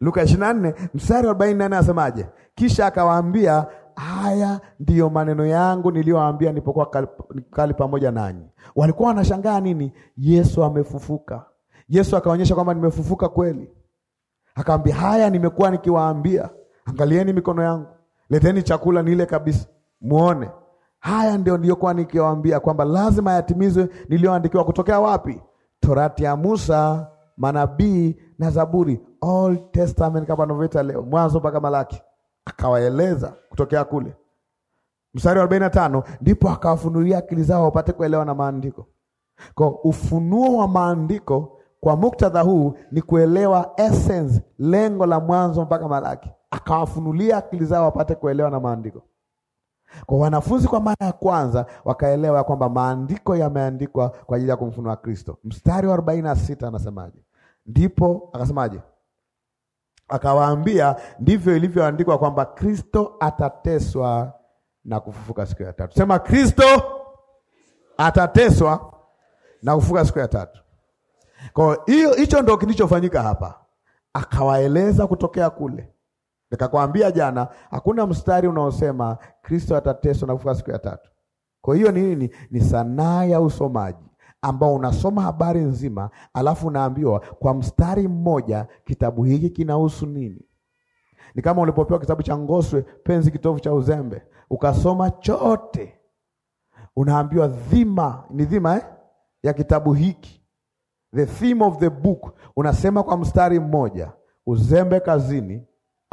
Luka ishirini na nne mstari wa arobaini na nne asemaje? Kisha akawaambia Haya ndiyo maneno yangu niliyowaambia nilipokuwa kali, kali pamoja nanyi. Walikuwa wanashangaa nini? Yesu amefufuka. Yesu akaonyesha kwamba nimefufuka kweli, akaambia haya nimekuwa nikiwaambia, angalieni mikono yangu, leteni chakula nile kabisa muone. Haya ndio niliyokuwa nikiwaambia kwamba lazima yatimizwe niliyoandikiwa kutokea wapi? Torati ya Musa, manabii na Zaburi, Old Testament kama novita leo, Mwanzo mpaka Malaki. Akawaeleza kutokea kule mstari wa 45, ndipo akawafunulia akili zao wapate kuelewa na maandiko. Kwa ufunuo wa maandiko kwa muktadha huu ni kuelewa essence, lengo la Mwanzo mpaka Malaki. Akawafunulia akili zao wapate kuelewa na maandiko. Kwa wanafunzi kwa mara ya kwanza wakaelewa kwamba maandiko yameandikwa kwa ajili ya kumfunua Kristo. Mstari wa arobaini na sita anasemaje? Ndipo akasemaje? Akawaambia, ndivyo ilivyoandikwa kwamba Kristo atateswa na kufufuka siku ya tatu. Sema Kristo atateswa na kufufuka siku ya tatu. Kwa hiyo hicho ndio kilichofanyika hapa, akawaeleza kutokea kule Nikakwambia jana, hakuna mstari unaosema Kristo atateswa na kufufuka siku ya tatu. Kwa hiyo ni nini? Ni sanaa ya usomaji ambao unasoma habari nzima, alafu unaambiwa kwa mstari mmoja kitabu hiki kinahusu nini. Ni kama ulipopewa kitabu cha Ngoswe, penzi kitovu cha uzembe, ukasoma chote, unaambiwa dhima ni dhima eh, ya kitabu hiki, the theme of the book. Unasema kwa mstari mmoja, uzembe kazini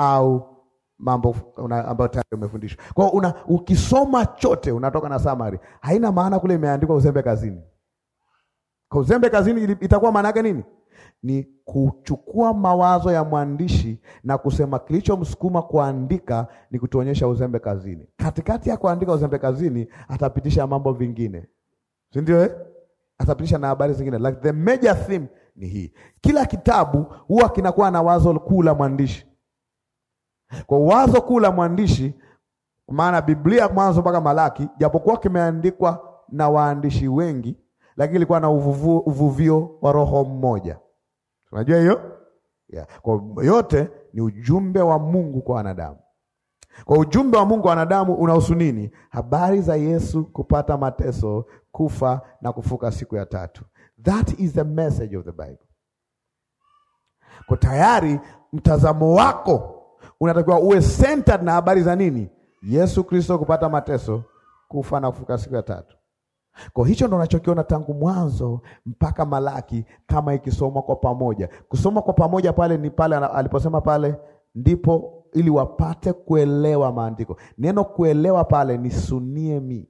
au mambo ambayo tayari umefundishwa. Kwa hiyo una ukisoma chote unatoka na summary. Haina maana kule imeandikwa uzembe kazini. Kwa uzembe kazini itakuwa maana yake nini? Ni kuchukua mawazo ya mwandishi na kusema kilichomsukuma kuandika ni kutuonyesha uzembe kazini. Katikati ya kuandika uzembe kazini atapitisha mambo vingine. Si ndio eh? Atapitisha na habari zingine. Like the major theme ni hii. Kila kitabu huwa kinakuwa na wazo kuu la mwandishi. Kwa wazo kuu la mwandishi, maana Biblia mwanzo mpaka Malaki, japokuwa kimeandikwa na waandishi wengi, lakini ilikuwa na uvuvu, uvuvio wa roho mmoja. Unajua hiyo yeah. Kwa yote ni ujumbe wa Mungu kwa wanadamu. Kwa ujumbe wa Mungu kwa wanadamu unahusu nini? Habari za Yesu kupata mateso, kufa na kufuka siku ya tatu. That is the message of the Bible. Kwa tayari mtazamo wako unatakiwa uwe centered na habari za nini? Yesu Kristo kupata mateso, kufa na kufuka siku ya tatu. Kwa hicho ndo unachokiona tangu mwanzo mpaka Malaki kama ikisomwa kwa pamoja. Kusoma kwa pamoja pale ni pale aliposema pale ndipo ili wapate kuelewa maandiko. Neno kuelewa pale ni suniemi.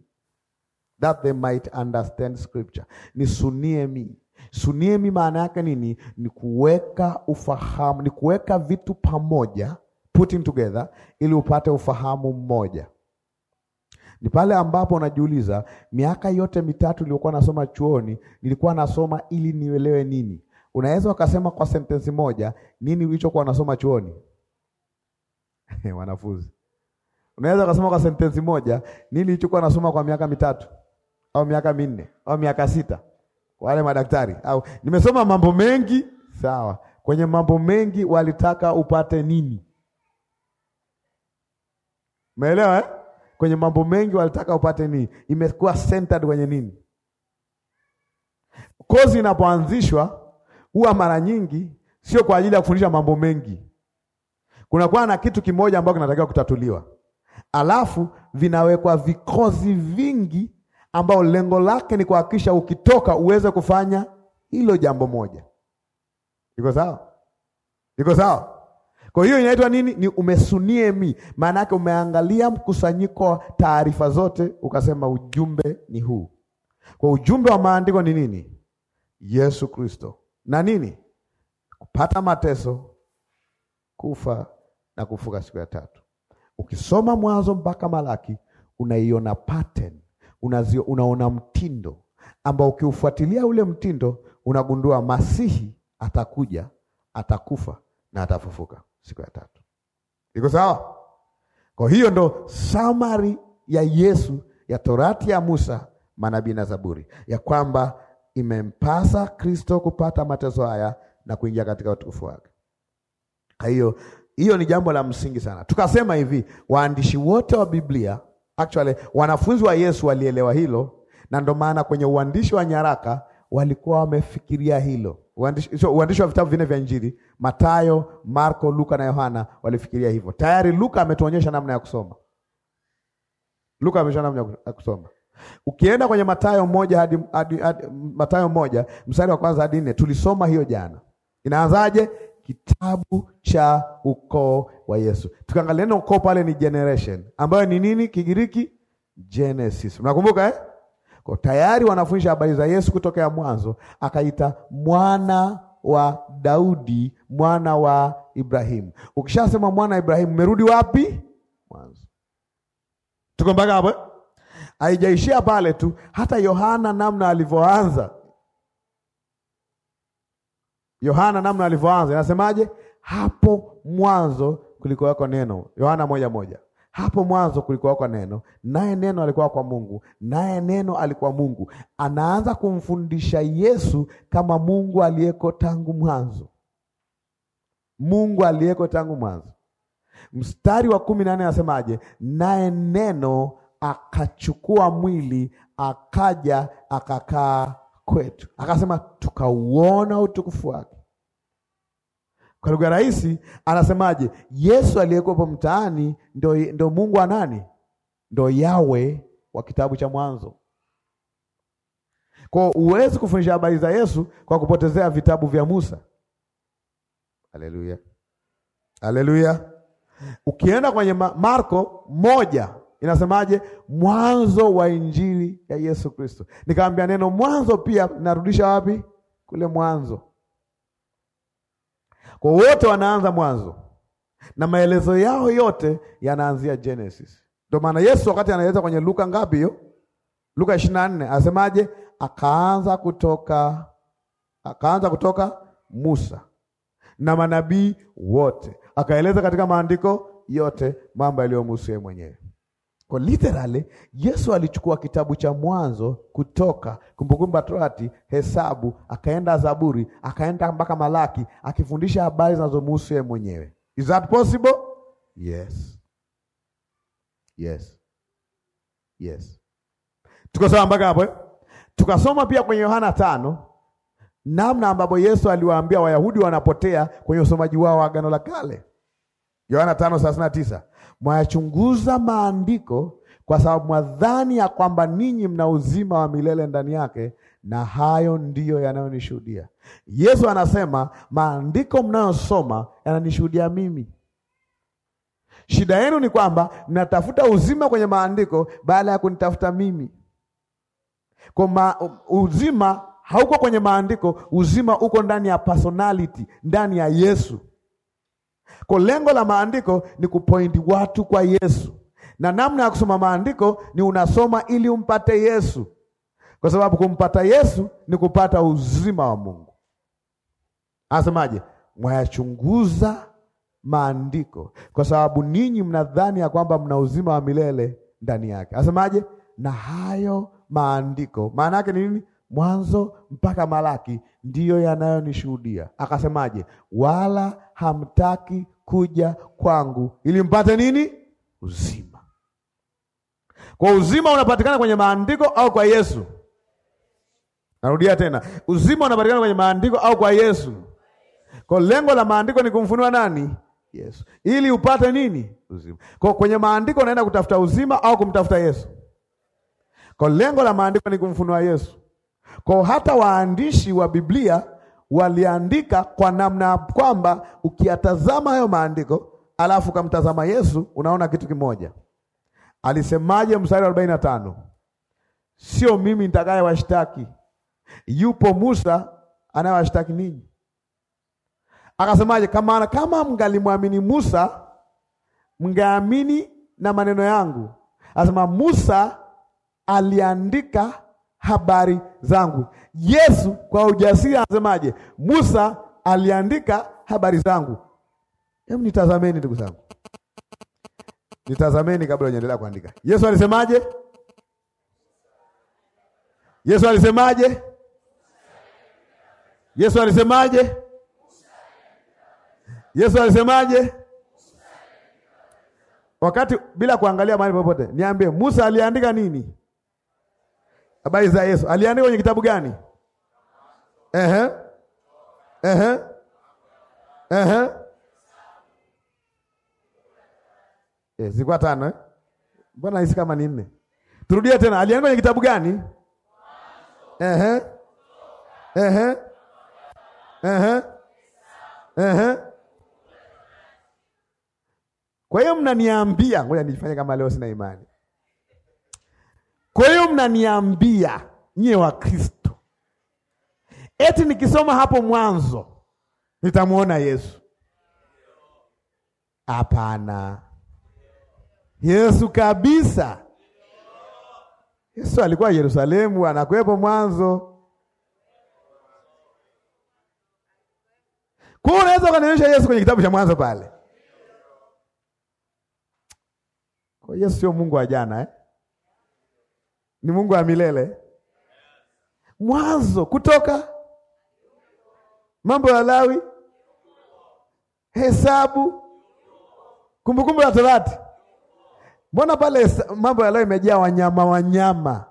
That they might understand scripture. Ni suniemi. Suniemi maana yake nini? Ni kuweka ufahamu, ni kuweka vitu pamoja putting together ili upate ufahamu mmoja. Ni pale ambapo unajiuliza, miaka yote mitatu niliyokuwa nasoma chuoni, nilikuwa nasoma ili nielewe nini? Unaweza ukasema kwa sentensi moja nini ulichokuwa nasoma chuoni? Wanafunzi, unaweza ukasema kwa sentensi moja nini ulichokuwa nasoma kwa miaka mitatu au miaka minne au miaka sita wale madaktari au nimesoma mambo mengi sawa. Kwenye mambo mengi walitaka upate nini? Umeelewa eh? Kwenye mambo mengi walitaka upate nini, imekuwa centered kwenye nini. Kozi inapoanzishwa huwa mara nyingi sio kwa ajili ya kufundisha mambo mengi, kunakuwa na kitu kimoja ambacho kinatakiwa kutatuliwa, alafu vinawekwa vikozi vingi ambao lengo lake ni kuhakikisha ukitoka uweze kufanya hilo jambo moja. Iko sawa? Iko sawa? Kwa hiyo inaitwa nini? Ni umesuniemi, maana yake umeangalia mkusanyiko wa taarifa zote, ukasema ujumbe ni huu. Kwa ujumbe wa maandiko ni nini? Yesu Kristo na nini? Kupata mateso, kufa na kufuka siku ya tatu. Ukisoma Mwanzo mpaka Malaki unaiona pattern, unazio, unaona mtindo ambao ukiufuatilia ule mtindo unagundua Masihi atakuja, atakufa na atafufuka siku ya tatu. Iko sawa? Kwa hiyo ndo summary ya Yesu ya Torati ya Musa, manabii na Zaburi, ya kwamba imempasa Kristo kupata mateso haya na kuingia katika utukufu wake. Kwa hiyo hiyo ni jambo la msingi sana. Tukasema hivi, waandishi wote wa Biblia actually wanafunzi wa Yesu walielewa hilo, na ndio maana kwenye uandishi wa nyaraka walikuwa wamefikiria hilo. Uandishi, so, uandishi wa vitabu vine vya Injili Matayo, Marko, Luka na Yohana walifikiria hivyo. Tayari Luka ametuonyesha namna ya kusoma. Luka ametuonyesha namna ya kusoma. Ukienda kwenye Matayo moja hadi, hadi, hadi Matayo moja mstari wa kwanza hadi nne tulisoma hiyo jana. Inaanzaje? Kitabu cha ukoo wa Yesu. Tukaangalia neno ukoo pale ni generation, ambayo ni nini Kigiriki? Genesis. Mnakumbuka eh? Kwa tayari wanafundisha habari za Yesu kutokea mwanzo, akaita mwana wa Daudi mwana wa Ibrahimu. Ukishasema mwana wa Ibrahimu, umerudi wapi? Mwanzo. Tuko mpaka hapo? Eh? Haijaishia pale tu, hata Yohana namna alivyoanza. Yohana namna alivyoanza inasemaje? Hapo mwanzo kulikuwako neno. Yohana moja moja hapo mwanzo kulikuwa kwa neno, naye neno alikuwa kwa Mungu, naye neno alikuwa Mungu. Anaanza kumfundisha Yesu kama Mungu aliyeko tangu mwanzo, Mungu aliyeko tangu mwanzo. Mstari wa kumi na nne anasemaje? Naye neno akachukua mwili, akaja, akakaa kwetu, akasema tukauona utukufu wake kwa lugha rahisi anasemaje? Yesu aliyekuwepo mtaani ndo, ndo Mungu wa nani? Ndo Yawe wa kitabu cha Mwanzo. Kwa huwezi kufundisha habari za Yesu kwa kupotezea vitabu vya Musa. Haleluya, haleluya. Ukienda kwenye Marko moja inasemaje? Mwanzo wa injili ya Yesu Kristo. Nikamwambia neno mwanzo pia narudisha wapi? Kule mwanzo kwa wote wanaanza mwanzo na maelezo yao yote yanaanzia Genesis. Ndio maana Yesu wakati anaeleza kwenye Luka ngapi hiyo? Luka 24 asemaje? Akaanza kutoka akaanza kutoka Musa na manabii wote, akaeleza katika maandiko yote mambo yaliyomhusu yeye mwenyewe. Kwa literally Yesu alichukua kitabu cha Mwanzo, Kutoka, Kumbukumbu Torati, Hesabu, akaenda Zaburi, akaenda mpaka Malaki, akifundisha habari zinazomhusu yeye mwenyewe. Is that possible? Yes, yes, yes. Tukasoma mpaka hapo? Eh? Tukasoma pia kwenye Yohana tano namna ambapo Yesu aliwaambia Wayahudi wanapotea kwenye usomaji wao wa Agano la Kale. Yohana tano thelathini na tisa mwayachunguza maandiko kwa sababu mwadhani ya kwamba ninyi mna uzima wa milele ndani yake, na hayo ndiyo yanayonishuhudia. Yesu anasema maandiko mnayosoma yananishuhudia mimi. Shida yenu ni kwamba mnatafuta uzima kwenye maandiko baada ya kunitafuta mimi. Kwa ma, uzima hauko kwenye maandiko, uzima uko ndani ya personality, ndani ya Yesu. Kwa lengo la maandiko ni kupointi watu kwa Yesu, na namna ya kusoma maandiko ni unasoma ili umpate Yesu, kwa sababu kumpata Yesu ni kupata uzima wa Mungu. Anasemaje? Mwayachunguza maandiko kwa sababu ninyi mnadhani ya kwamba mna uzima wa milele ndani yake. asemaje na hayo maandiko maana yake ni nini? Mwanzo mpaka Malaki ndiyo yanayonishuhudia. Akasemaje? wala hamtaki kuja kwangu ili mpate nini? Uzima. Kwa uzima unapatikana kwenye maandiko au kwa Yesu? Narudia tena, uzima unapatikana kwenye maandiko au kwa Yesu? Kwa lengo la maandiko ni kumfunua nani? Yesu, ili upate nini? Uzima. Kwa kwenye maandiko unaenda kutafuta uzima au kumtafuta Yesu? Kwa lengo la maandiko ni kumfunua Yesu. Kwa hata waandishi wa Biblia waliandika kwa namna ya kwamba ukiyatazama hayo maandiko alafu ukamtazama Yesu unaona kitu kimoja. Alisemaje mstari wa arobaini na tano? Sio mimi nitakaye washtaki, yupo Musa anayewashtaki ninyi. Akasemaje? kama kama mngalimwamini Musa mngeamini na maneno yangu. Asema Musa aliandika habari zangu. Yesu kwa ujasiri anasemaje? Musa aliandika habari zangu. Hebu nitazameni ndugu zangu, nitazameni kabla hujaendelea kuandika. Yesu alisemaje? Yesu alisemaje? Yesu alisemaje? Yesu alisemaje? Wakati bila kuangalia mahali popote, niambie, Musa aliandika nini? habari za Yesu aliandika kwenye kitabu gani? Ehe. Ehe. Ehe. Eh, zilikuwa tano eh? Mbona hisi kama ni nne? Turudia tena. Aliandika kwenye kitabu gani? Ehe. Ehe. Ehe. Ehe. Kwa hiyo mnaniambia, ngoja nijifanye kama leo sina imani. Kwa hiyo mnaniambia nyie wa Kristo, eti nikisoma hapo mwanzo nitamwona Yesu? Hapana, Yesu kabisa. Yesu alikuwa Yerusalemu, anakuwepo mwanzo. Kwa hiyo unaweza ukanionyesha Yesu kwenye kitabu cha Mwanzo pale? Kwa Yesu sio Mungu wa jana eh? ni Mungu wa milele. Mwanzo kutoka mambo ya Lawi, Hesabu, Kumbukumbu la Torati. Mbona pale mambo ya Lawi imejaa wanyama wanyama,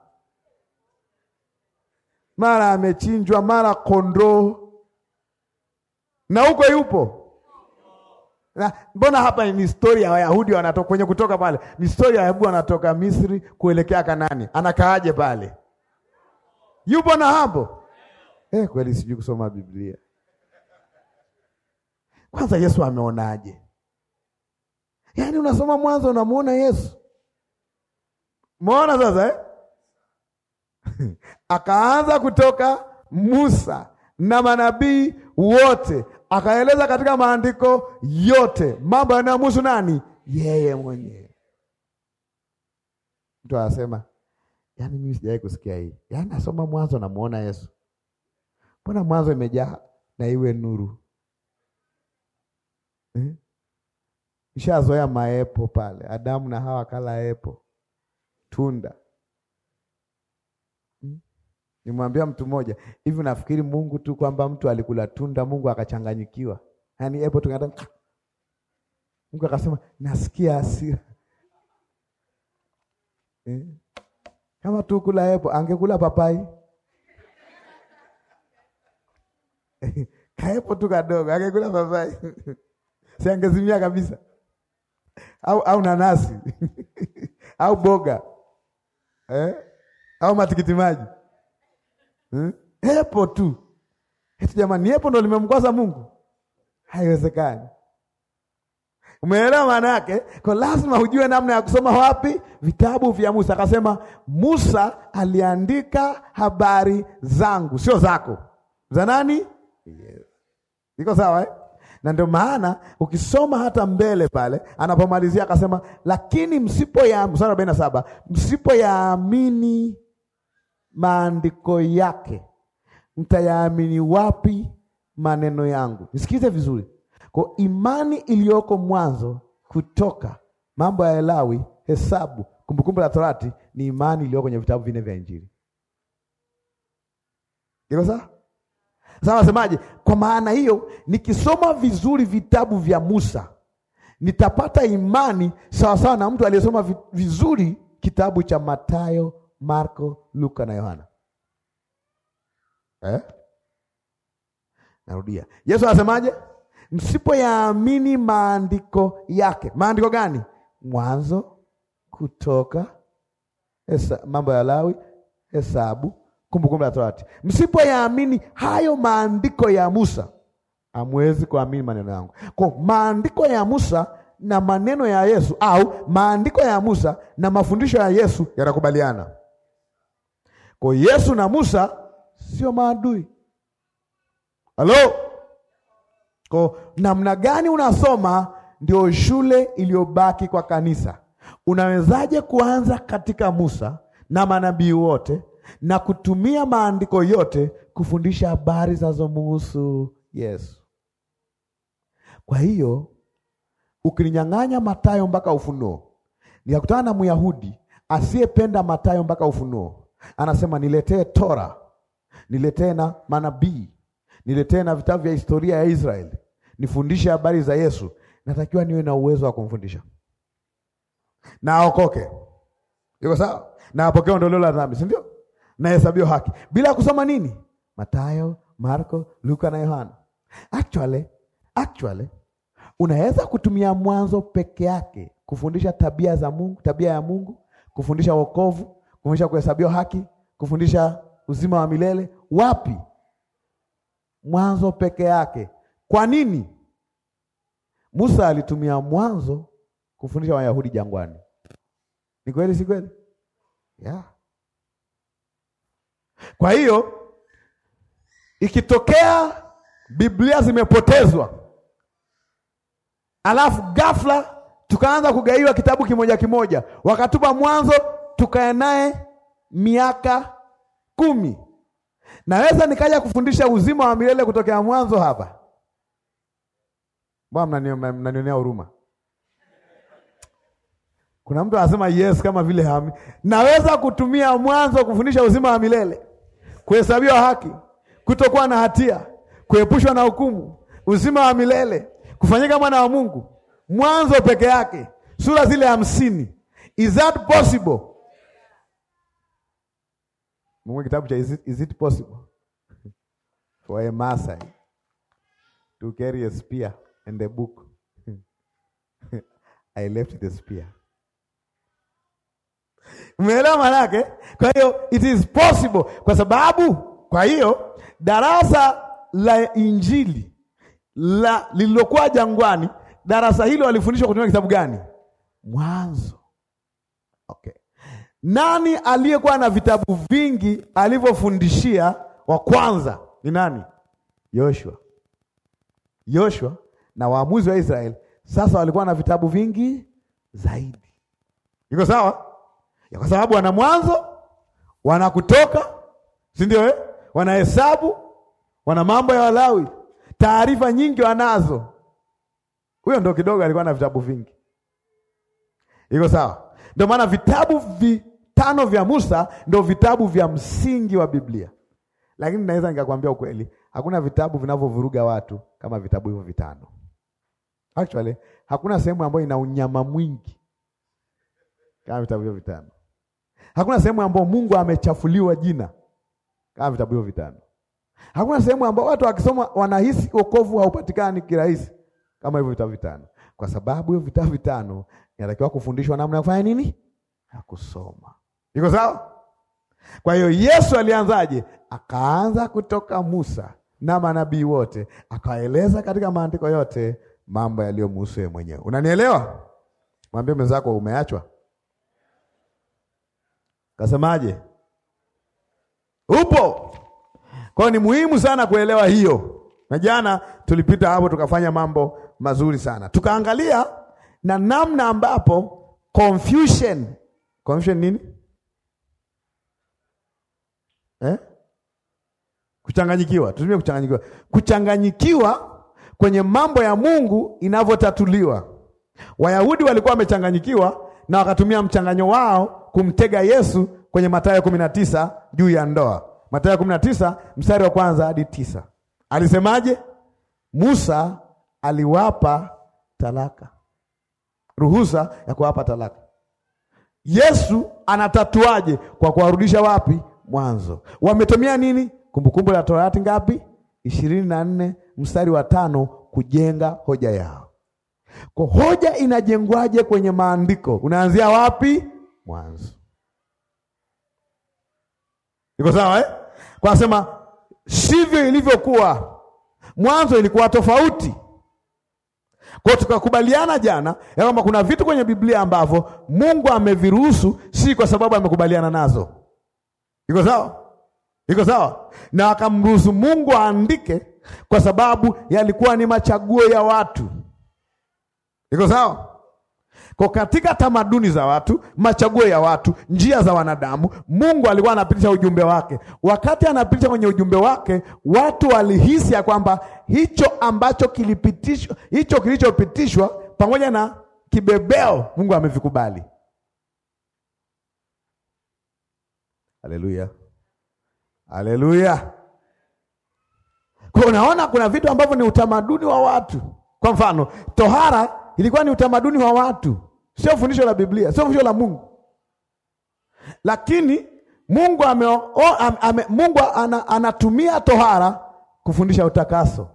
mara amechinjwa, mara kondoo, na huko yupo na mbona hapa ni historia ya Wayahudi wanatoka kwenye kutoka pale. Ni historia ya Wayahudi wanatoka Misri kuelekea Kanani. Anakaaje pale? Yupo na hapo? Eh, kweli sijui kusoma Biblia. Kwanza Yesu ameonaje? Yaani unasoma Mwanzo unamuona Yesu. Muona sasa eh? Akaanza kutoka Musa na manabii wote akaeleza katika maandiko yote mambo yanayomhusu nani? Yeye mwenyewe. Mtu anasema yaani, mimi sijawahi kusikia hii. Yaani nasoma Mwanzo namuona Yesu, mbona Mwanzo imejaa na iwe nuru eh? Ishazoea maepo pale, Adamu na Hawa kala epo tunda Nimwambia mtu mmoja hivi, nafikiri Mungu tu kwamba mtu alikula tunda Mungu akachanganyikiwa? Yaani hapo tunataka Mungu akasema nasikia hasira eh? Kama tu kula hapo angekula papai kaepo tu kadogo, angekula papai si angezimia kabisa, au au nanasi au boga eh? au matikiti maji hepo hmm? Epo tu eti jamani, hepo ndo limemkwaza Mungu? Haiwezekani. Umeelewa maana yake? Kwa lazima ujue namna ya kusoma wapi vitabu vya Musa. Akasema Musa aliandika habari zangu, sio zako, za nani? Yeah. Iko sawa eh? Na ndio maana ukisoma hata mbele pale anapomalizia akasema, lakini msipo ya arobaini na saba, yaamini maandiko yake, mtayaamini wapi maneno yangu? Nisikize vizuri, kwa imani iliyoko mwanzo, Kutoka, Mambo ya Elawi, Hesabu, Kumbukumbu la Torati ni imani iliyoko kwenye vitabu vine vya Injili. Iko sawa? Sasa wasemaje? Kwa maana hiyo, nikisoma vizuri vitabu vya Musa nitapata imani sawasawa na mtu aliyesoma vizuri kitabu cha Mathayo Marko, Luka na Yohana eh? Narudia, Yesu anasemaje? Msipoyaamini maandiko yake. Maandiko gani? Mwanzo, Kutoka, Esa, mambo ya Lawi, Hesabu, Kumbukumbu la Torati. Msipoyaamini hayo maandiko ya Musa, hamwezi kuamini maneno yangu. Kwa maandiko ya Musa na maneno ya Yesu au maandiko ya Musa na mafundisho ya Yesu yanakubaliana. Kwa Yesu na Musa sio maadui. Halo? Kwa namna gani unasoma ndio shule iliyobaki kwa kanisa. Unawezaje kuanza katika Musa na manabii wote na kutumia maandiko yote kufundisha habari zinazomuhusu Yesu? Kwa hiyo ukininyang'anya Mathayo mpaka Ufunuo, nikakutana na Myahudi asiyependa Mathayo mpaka Ufunuo Anasema niletee Tora, niletee na manabii, niletee na vitabu vya historia ya Israeli, nifundishe habari za Yesu. Natakiwa niwe na uwezo wa kumfundisha na aokoke. Iko sawa? Na apokee ondoleo la dhambi, si ndio? Na haki bila kusoma nini? Mathayo, Marko, Luka na Yohana. Actually, actually unaweza kutumia Mwanzo peke yake kufundisha tabia za Mungu, tabia ya Mungu, kufundisha wokovu kufundisha kuhesabiwa haki, kufundisha uzima wa milele. Wapi? Mwanzo peke yake. Kwa nini Musa alitumia Mwanzo kufundisha Wayahudi jangwani? Ni kweli, si kweli? Yeah. Kwa hiyo ikitokea Biblia zimepotezwa alafu ghafla tukaanza kugaiwa kitabu kimoja kimoja, wakatupa Mwanzo tukae naye miaka kumi. Naweza nikaja kufundisha uzima wa milele kutokea mwanzo hapa. Bwana, mnanionea huruma. Kuna mtu anasema yes, kama vile hami. Naweza kutumia mwanzo kufundisha uzima wa milele, kuhesabiwa haki, kutokuwa na hatia, kuepushwa na hukumu, uzima wa milele, kufanyika mwana wa Mungu. Mwanzo peke yake, sura zile hamsini. Is that possible? Mungu kitabu cha is it, is it possible for a Maasai to carry a spear and a book I left the spear. Umeelewa manake? Kwa hiyo it is possible, kwa sababu kwa hiyo darasa la Injili la lililokuwa jangwani, darasa hilo walifundishwa kutumia kitabu gani? Mwanzo. Okay. Nani aliyekuwa na vitabu vingi alivyofundishia? Wa kwanza ni nani? Yoshua. Yoshua na waamuzi wa Israeli sasa walikuwa na vitabu vingi zaidi. Iko sawa? Ya kwa sababu wana Mwanzo, wana Kutoka, si ndio eh? Wana Hesabu, wana Mambo ya Walawi, taarifa nyingi wanazo. Huyo ndo kidogo alikuwa na vitabu vingi. Iko sawa? Ndio maana vitabu vi vitano vya Musa ndio vitabu vya msingi wa Biblia, lakini naweza nikakwambia ukweli, hakuna vitabu vinavyovuruga watu kama vitabu hivyo vitano. Actually, hakuna sehemu ambayo ina unyama mwingi kama vitabu hivyo vitano. Hakuna sehemu ambayo Mungu amechafuliwa jina kama vitabu hivyo vitano. Hakuna sehemu ambayo watu wakisoma wanahisi wokovu haupatikani kirahisi kama hivyo vitabu vitano, kwa sababu hivyo vitabu vitano inatakiwa kufundishwa namna ya kufanya nini, ya kusoma. Iko sawa? Kwa hiyo Yesu alianzaje? Akaanza kutoka Musa na manabii wote, akaeleza katika maandiko yote mambo yaliyomhusu yeye mwenyewe. Unanielewa? Mwambie mwenzako umeachwa. Kasemaje? Upo. Kwa hiyo ni muhimu sana kuelewa hiyo, na jana tulipita hapo tukafanya mambo mazuri sana, tukaangalia na namna ambapo confusion, confusion nini eh? Kuchanganyikiwa, tutumie kuchanganyikiwa. Kuchanganyikiwa kwenye mambo ya Mungu inavyotatuliwa. Wayahudi walikuwa wamechanganyikiwa na wakatumia mchanganyo wao kumtega Yesu kwenye Mathayo 19 juu ya ndoa. Mathayo 19 mstari wa kwanza hadi tisa alisemaje? Musa aliwapa talaka, ruhusa ya kuwapa talaka. Yesu anatatuaje? Kwa kuwarudisha wapi? mwanzo. Wametumia nini? Kumbukumbu la Torati ngapi? ishirini na nne mstari wa tano kujenga hoja yao. Kwa hoja inajengwaje kwenye maandiko? Unaanzia wapi? Mwanzo. Iko sawa eh? Kwa sema sivyo ilivyokuwa mwanzo, ilikuwa tofauti. Kwa tukakubaliana jana ya kwamba kuna vitu kwenye Biblia ambavyo Mungu ameviruhusu, si kwa sababu amekubaliana nazo Iko sawa? Iko sawa? Na akamruhusu Mungu aandike kwa sababu yalikuwa ni machaguo ya watu. Iko sawa? Kwa katika tamaduni za watu, machaguo ya watu, njia za wanadamu, Mungu alikuwa anapitisha ujumbe wake. Wakati anapitisha kwenye ujumbe wake, watu walihisi ya kwamba hicho ambacho kilipitishwa, hicho kilichopitishwa pamoja na kibebeo Mungu amevikubali. Haleluya, haleluya. Kwa unaona kuna vitu ambavyo ni utamaduni wa watu. Kwa mfano, tohara ilikuwa ni utamaduni wa watu, sio fundisho la Biblia, sio fundisho la Mungu. Lakini Mungu ame, o, ame, Mungu ana, anatumia tohara kufundisha utakaso.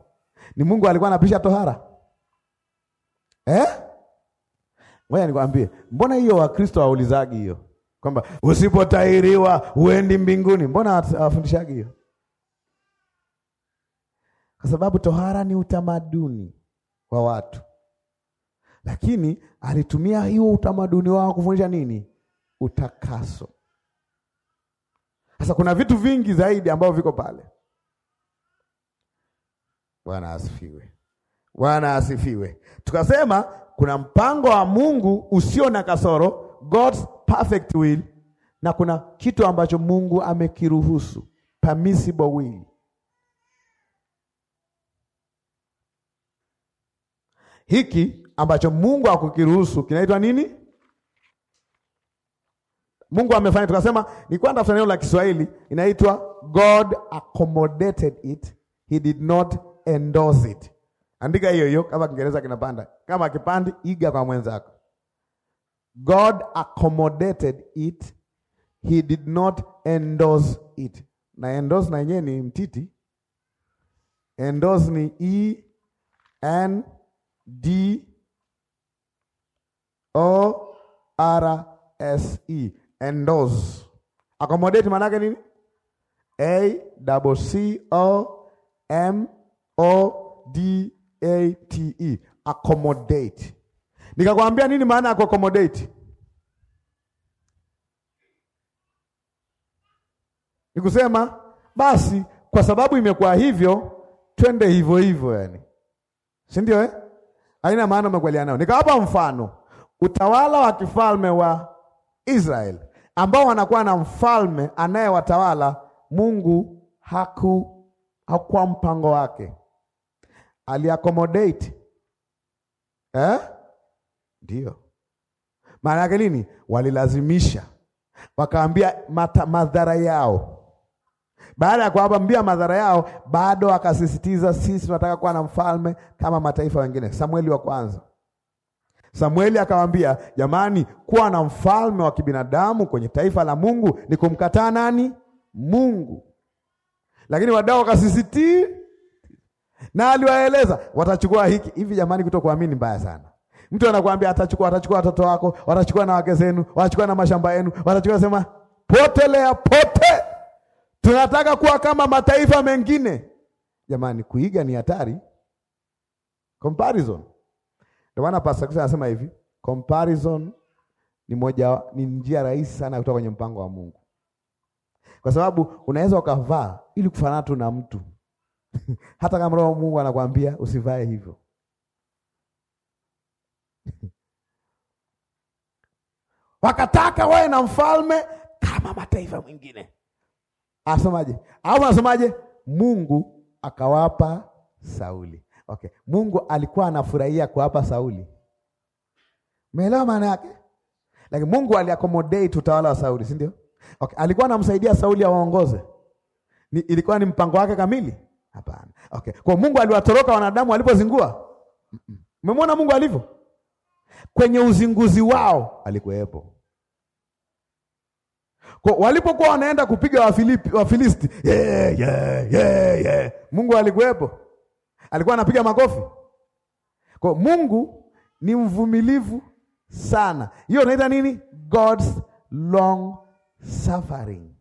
Ni Mungu alikuwa anapisha tohara eh? Ngoja nikwambie, mbona hiyo Wakristo waulizagi hiyo kwamba usipotahiriwa huendi mbinguni. Mbona awafundishagi hiyo? Kwa sababu tohara ni utamaduni wa watu, lakini alitumia hiyo utamaduni wao kufundisha nini? Utakaso. Sasa kuna vitu vingi zaidi ambavyo viko pale. Bwana asifiwe. Bwana asifiwe. Tukasema kuna mpango wa Mungu usio na kasoro, God's perfect will na kuna kitu ambacho Mungu amekiruhusu permissible will. Hiki ambacho Mungu hakukiruhusu kinaitwa nini? Mungu amefanya, tukasema ni kwa ndafuta neno la Kiswahili, inaitwa God accommodated it, he did not endorse it. Andika hiyo hiyo, kama Kiingereza kinapanda, kama kipandi iga kwa mwenzako. God accommodated it, he did not endorse it. Na endorse na yenyewe ni mtiti. Endorse ni E N D O R S E. Endorse. Accommodate maanake nini? A double C O M O D A T E. Accommodate. Nikakwambia nini maana ya kuaccommodate? Nikusema basi kwa sababu imekuwa hivyo, twende hivyo hivyo yani. Si ndio eh? Haina maana umekubaliana nao. Nikawapa mfano utawala wa kifalme wa Israel ambao wanakuwa na mfalme anayewatawala. Mungu haku hakuwa mpango wake, aliaccommodate eh? Ndio maana yake nini? Walilazimisha, wakaambia madhara yao. Baada ya kuwaambia madhara yao, bado akasisitiza, sisi tunataka kuwa na mfalme kama mataifa wengine. Samueli wa kwanza, Samueli akawaambia, jamani, kuwa na mfalme wa kibinadamu kwenye taifa la Mungu ni kumkataa nani? Mungu. Lakini wadau wakasisitiza, na aliwaeleza watachukua hiki hivi. Jamani, kutokuamini mbaya sana Mtu anakuambia atachukua, atachukua watoto wako, watachukua na wake zenu, watachukua na mashamba yenu, watachukua. Sema potelea pote. Tunataka kuwa kama mataifa mengine. Jamani, kuiga ni hatari. Comparison. Ndio maana Pastor Chris anasema hivi, comparison ni moja, ni njia rahisi sana kutoka kwenye mpango wa Mungu, kwa sababu unaweza ukavaa ili kufanana tu na mtu hata kama Roho Mungu anakuambia usivae hivyo wakataka wawe na mfalme kama mataifa mengine. Anasemaje? Au anasemaje? Mungu akawapa Sauli. Okay, Mungu alikuwa anafurahia kuwapa Sauli. Umeelewa maana yake? Lakini Mungu aliaccommodate utawala wa Sauli, si ndio? Okay, alikuwa anamsaidia Sauli awaongoze. Ni, ilikuwa ni mpango wake kamili? Hapana. Okay. Kwa Mungu aliwatoroka wanadamu walipozingua? Umemwona Mungu alivyo? Kwenye uzinguzi wao alikuwepo walipokuwa wanaenda kupiga Wafilisti wa yeah, yeah, yeah, yeah. Mungu alikuwepo, alikuwa anapiga makofi kwa Mungu. Ni mvumilivu sana, hiyo naita nini? God's long suffering.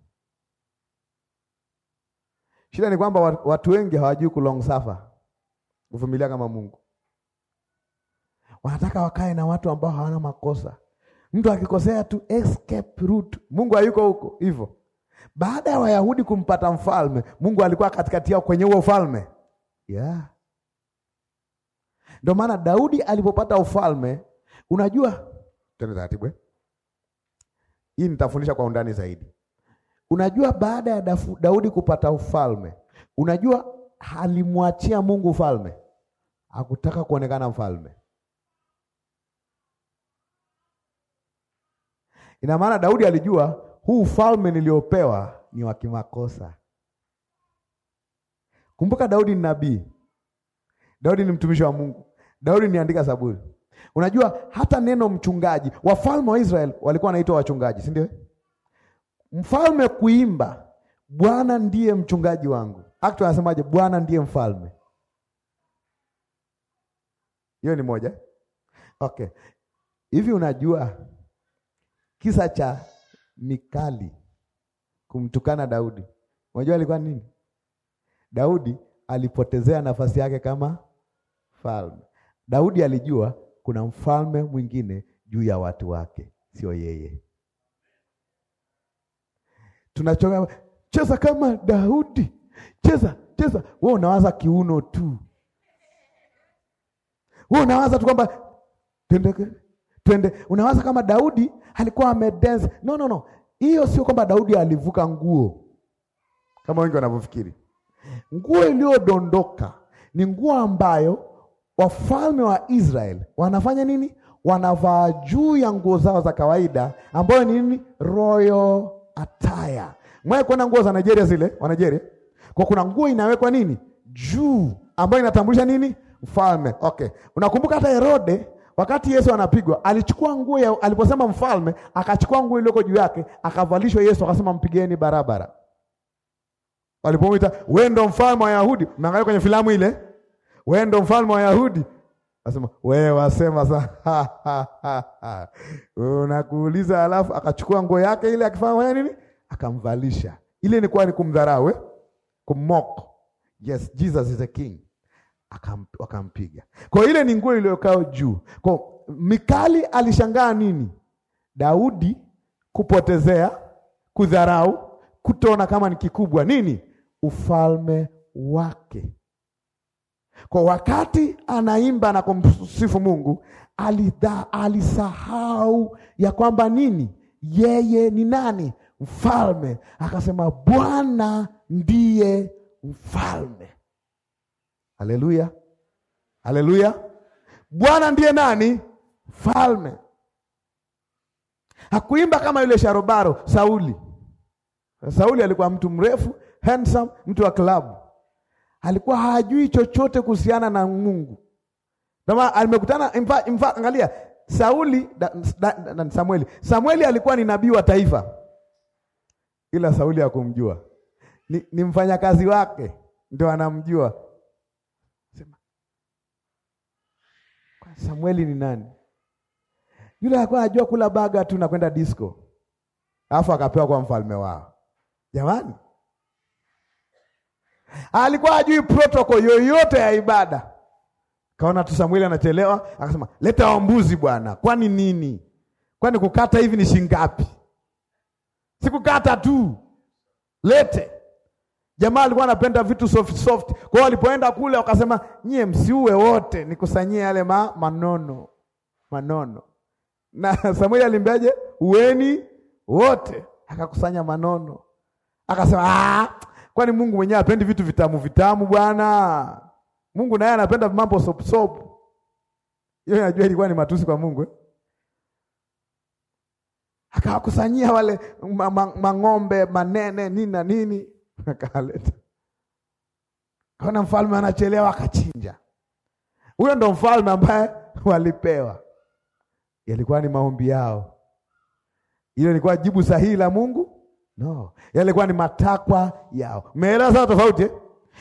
Shida ni kwamba watu wengi hawajui ku long suffer, kuvumilia kama Mungu. Wanataka wakae na watu ambao hawana makosa mtu akikosea tu escape route. Mungu hayuko huko hivyo. Baada ya Wayahudi kumpata mfalme, Mungu alikuwa katikati yao kwenye huo ufalme yeah. Ndio maana Daudi alipopata ufalme, unajua tena taratibu eh? Hii nitafundisha kwa undani zaidi. Unajua, baada ya Daudi kupata ufalme, unajua alimwachia Mungu ufalme, hakutaka kuonekana mfalme Ina maana Daudi alijua huu ufalme niliopewa ni wa kimakosa. Kumbuka Daudi ni nabii, Daudi ni mtumishi wa Mungu, Daudi niandika Zaburi. Unajua hata neno mchungaji, wafalme wa Israel walikuwa wanaitwa wachungaji, si ndio? Mfalme kuimba Bwana ndiye mchungaji wangu. Aktu anasemaje? Bwana ndiye mfalme. Hiyo ni moja. Okay, hivi unajua kisa cha Mikali kumtukana Daudi. Unajua alikuwa nini? Daudi alipotezea nafasi yake kama mfalme. Daudi alijua kuna mfalme mwingine juu ya watu wake, sio yeye. Tunachoka cheza kama Daudi, cheza cheza. Wewe unawaza kiuno tu, wewe unawaza tu kwamba tendeke twende. Unawaza kama Daudi alikuwa amedance. No, no, no, hiyo sio kwamba Daudi alivuka nguo kama wengi wanavyofikiri. Nguo iliyodondoka ni nguo ambayo wafalme wa Israel wanafanya nini? Wanavaa juu ya nguo zao za kawaida, ambayo ni nini? Royal attire. Mwae kuona nguo za Nigeria zile wa Nigeria, kwa kuna nguo inawekwa nini juu, ambayo inatambulisha nini? Mfalme. Okay, unakumbuka hata Herode Wakati Yesu anapigwa, alichukua nguo ya aliposema mfalme, akachukua nguo iliyoko juu yake, akavalishwa Yesu, akasema mpigeni barabara. Walipomwita, wewe ndo mfalme wa Wayahudi, mnaangalia kwenye filamu ile, wewe ndo mfalme wa Wayahudi, asema wewe wasema sa unakuuliza, alafu akachukua nguo yake ile, akifanya nini? Akamvalisha ile, ilikuwa ni kumdharau, eh? kumok. Yes, Jesus is a king wakampiga. Kwa ile ni nguo iliyokao juu. Kwa Mikali alishangaa nini? Daudi kupotezea, kudharau, kutona kama ni kikubwa nini ufalme wake. Kwa wakati anaimba na kumsifu Mungu, alidha, alisahau ya kwamba nini yeye ni nani mfalme. Akasema Bwana ndiye mfalme. Haleluya, haleluya. Bwana ndiye nani? Falme. Hakuimba kama yule sharobaro Sauli. Sauli alikuwa mtu mrefu handsome, mtu wa klabu, alikuwa hajui chochote kuhusiana na Mungu. Ndio alimekutana imfa, angalia Sauli da, da, da, Samueli. Samueli alikuwa ni nabii wa taifa, ila Sauli hakumjua, ni, ni mfanyakazi wake ndio anamjua Samueli ni nani? Yule alikuwa anajua kula baga tu na kwenda disco, alafu akapewa kwa mfalme wao. Jamani, alikuwa hajui protokol yoyote ya ibada. Kaona tu Samueli anachelewa, akasema leta wambuzi bwana. Kwani nini? Kwani kukata hivi ni shingapi? Sikukata tu, lete Jamaa alikuwa anapenda vitu soft soft. Kwa hiyo alipoenda kule wakasema, nyie msiue wote, nikusanyie yale ma, manono manono. Na Samuel alimbeje? Ueni wote, akakusanya manono, akasema ah, kwani Mungu mwenyewe apendi vitu vitamu vitamu bwana? Mungu naye anapenda mambo soft soft. Hiyo najua ilikuwa ni matusi kwa Mungu eh? Akawakusanyia wale mang'ombe ma, ma manene nini na nini akaleta kaona mfalme anachelewa, akachinja. Huyo ndo mfalme ambaye walipewa, yalikuwa ni maombi yao. Ile ilikuwa jibu sahihi la Mungu? No, yalikuwa ni matakwa yao. Umeelewa sasa tofauti? Eh?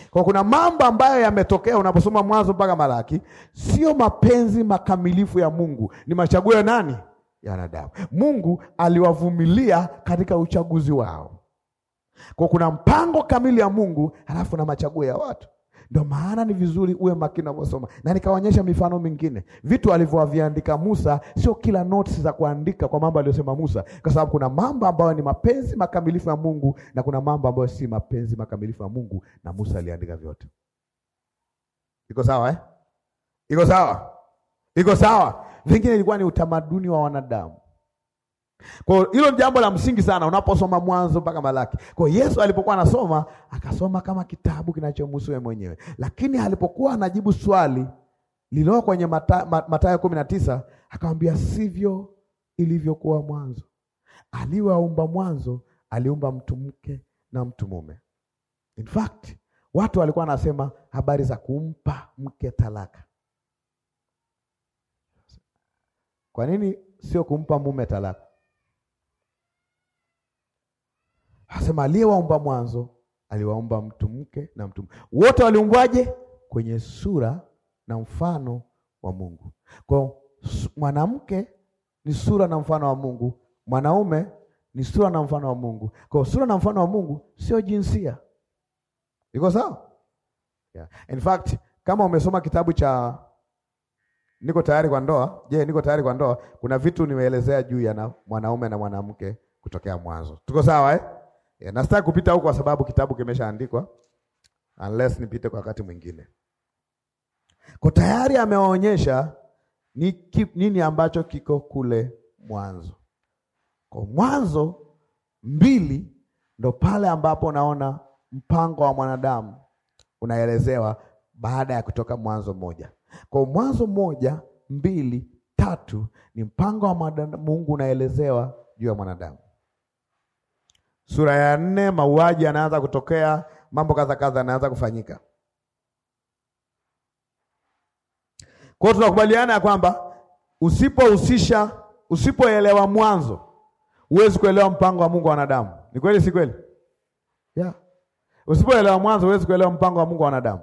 Kwa kuna mambo ambayo yametokea unaposoma Mwanzo mpaka Malaki, sio mapenzi makamilifu ya Mungu, ni machaguo ya nani? Ya wanadamu. Mungu aliwavumilia katika uchaguzi wao. Kwa kuna mpango kamili ya Mungu halafu na machaguo ya watu. Ndio maana ni vizuri uwe makini unaposoma, na nikaonyesha mifano mingine, vitu alivyoviandika Musa. Sio kila notes za kuandika kwa mambo aliyosema Musa, kwa sababu kuna mambo ambayo ni mapenzi makamilifu ya Mungu na kuna mambo ambayo si mapenzi makamilifu ya Mungu, na Musa aliandika vyote. Iko sawa eh? Iko sawa, iko sawa. Vingine ilikuwa ni utamaduni wa wanadamu kwa hiyo hilo ni jambo la msingi sana unaposoma Mwanzo mpaka Malaki. Kwa hiyo Yesu alipokuwa anasoma akasoma kama kitabu kinachomhusu yeye mwenyewe, lakini alipokuwa anajibu swali lililo kwenye Mathayo mata, kumi na tisa akamwambia sivyo ilivyokuwa mwanzo. Aliwaumba mwanzo, aliumba mtu mke na mtu mume. In fact watu walikuwa wanasema habari za kumpa mke talaka. Kwa nini sio kumpa mume talaka? Anasema aliyewaumba mwanzo aliwaumba mtu mke na mtu mke. Wote waliumbwaje? Kwenye sura na mfano wa Mungu. Kwa mwanamke ni sura na mfano wa Mungu, mwanaume ni sura na mfano wa Mungu. Kwa sura na mfano wa Mungu sio jinsia. Iko sawa? Yeah. In fact, kama umesoma kitabu cha Niko tayari kwa ndoa. Je, niko tayari kwa ndoa? Kuna vitu nimeelezea juu ya mwanaume na mwanamke kutokea mwanzo. Tuko sawa eh? Yeah, na sitaki kupita huko kwa sababu kitabu kimeshaandikwa unless nipite kwa wakati mwingine. Kwa tayari amewaonyesha ni nini ambacho kiko kule mwanzo. Kwa Mwanzo mbili ndo pale ambapo naona mpango wa mwanadamu unaelezewa baada ya kutoka Mwanzo moja. Kwa Mwanzo moja mbili tatu ni mpango wa Mungu unaelezewa juu ya mwanadamu sura ya nne, mauaji yanaanza kutokea, mambo kadha kadha yanaanza kufanyika. Kwa hiyo tunakubaliana ya kwamba usipohusisha, usipoelewa mwanzo, huwezi kuelewa mpango wa Mungu wa wanadamu. Ni kweli, si kweli? Yeah. Usipoelewa mwanzo, huwezi kuelewa mpango wa Mungu wa wanadamu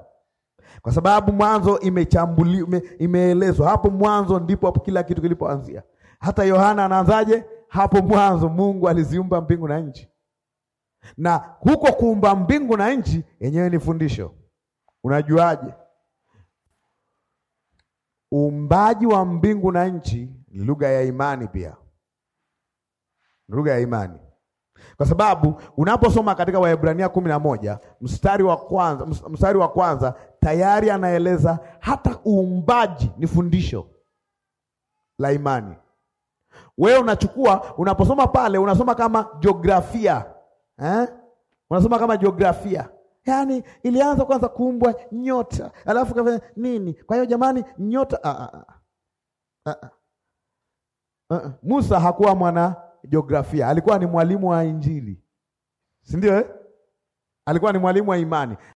kwa sababu mwanzo imechambuliwa, imeelezwa hapo mwanzo, ndipo hapo kila kitu kilipoanzia. Hata Yohana anaanzaje? Hapo mwanzo Mungu aliziumba mbingu na nchi na huko kuumba mbingu na nchi yenyewe ni fundisho. Unajuaje? Uumbaji wa mbingu na nchi ni lugha ya imani pia, ni lugha ya imani kwa sababu unaposoma katika Waebrania kumi na moja mstari wa kwanza, mstari wa kwanza tayari anaeleza hata uumbaji ni fundisho la imani. Wewe unachukua unaposoma pale, unasoma kama jiografia eh? Unasoma kama jiografia, yaani ilianza kwanza kuumbwa nyota, alafu kafanya nini? Kwa hiyo jamani, nyota ah ah ah. ah, ah, ah, ah. Musa hakuwa mwana jiografia, alikuwa ni mwalimu wa Injili, si ndio eh? Alikuwa ni mwalimu wa imani.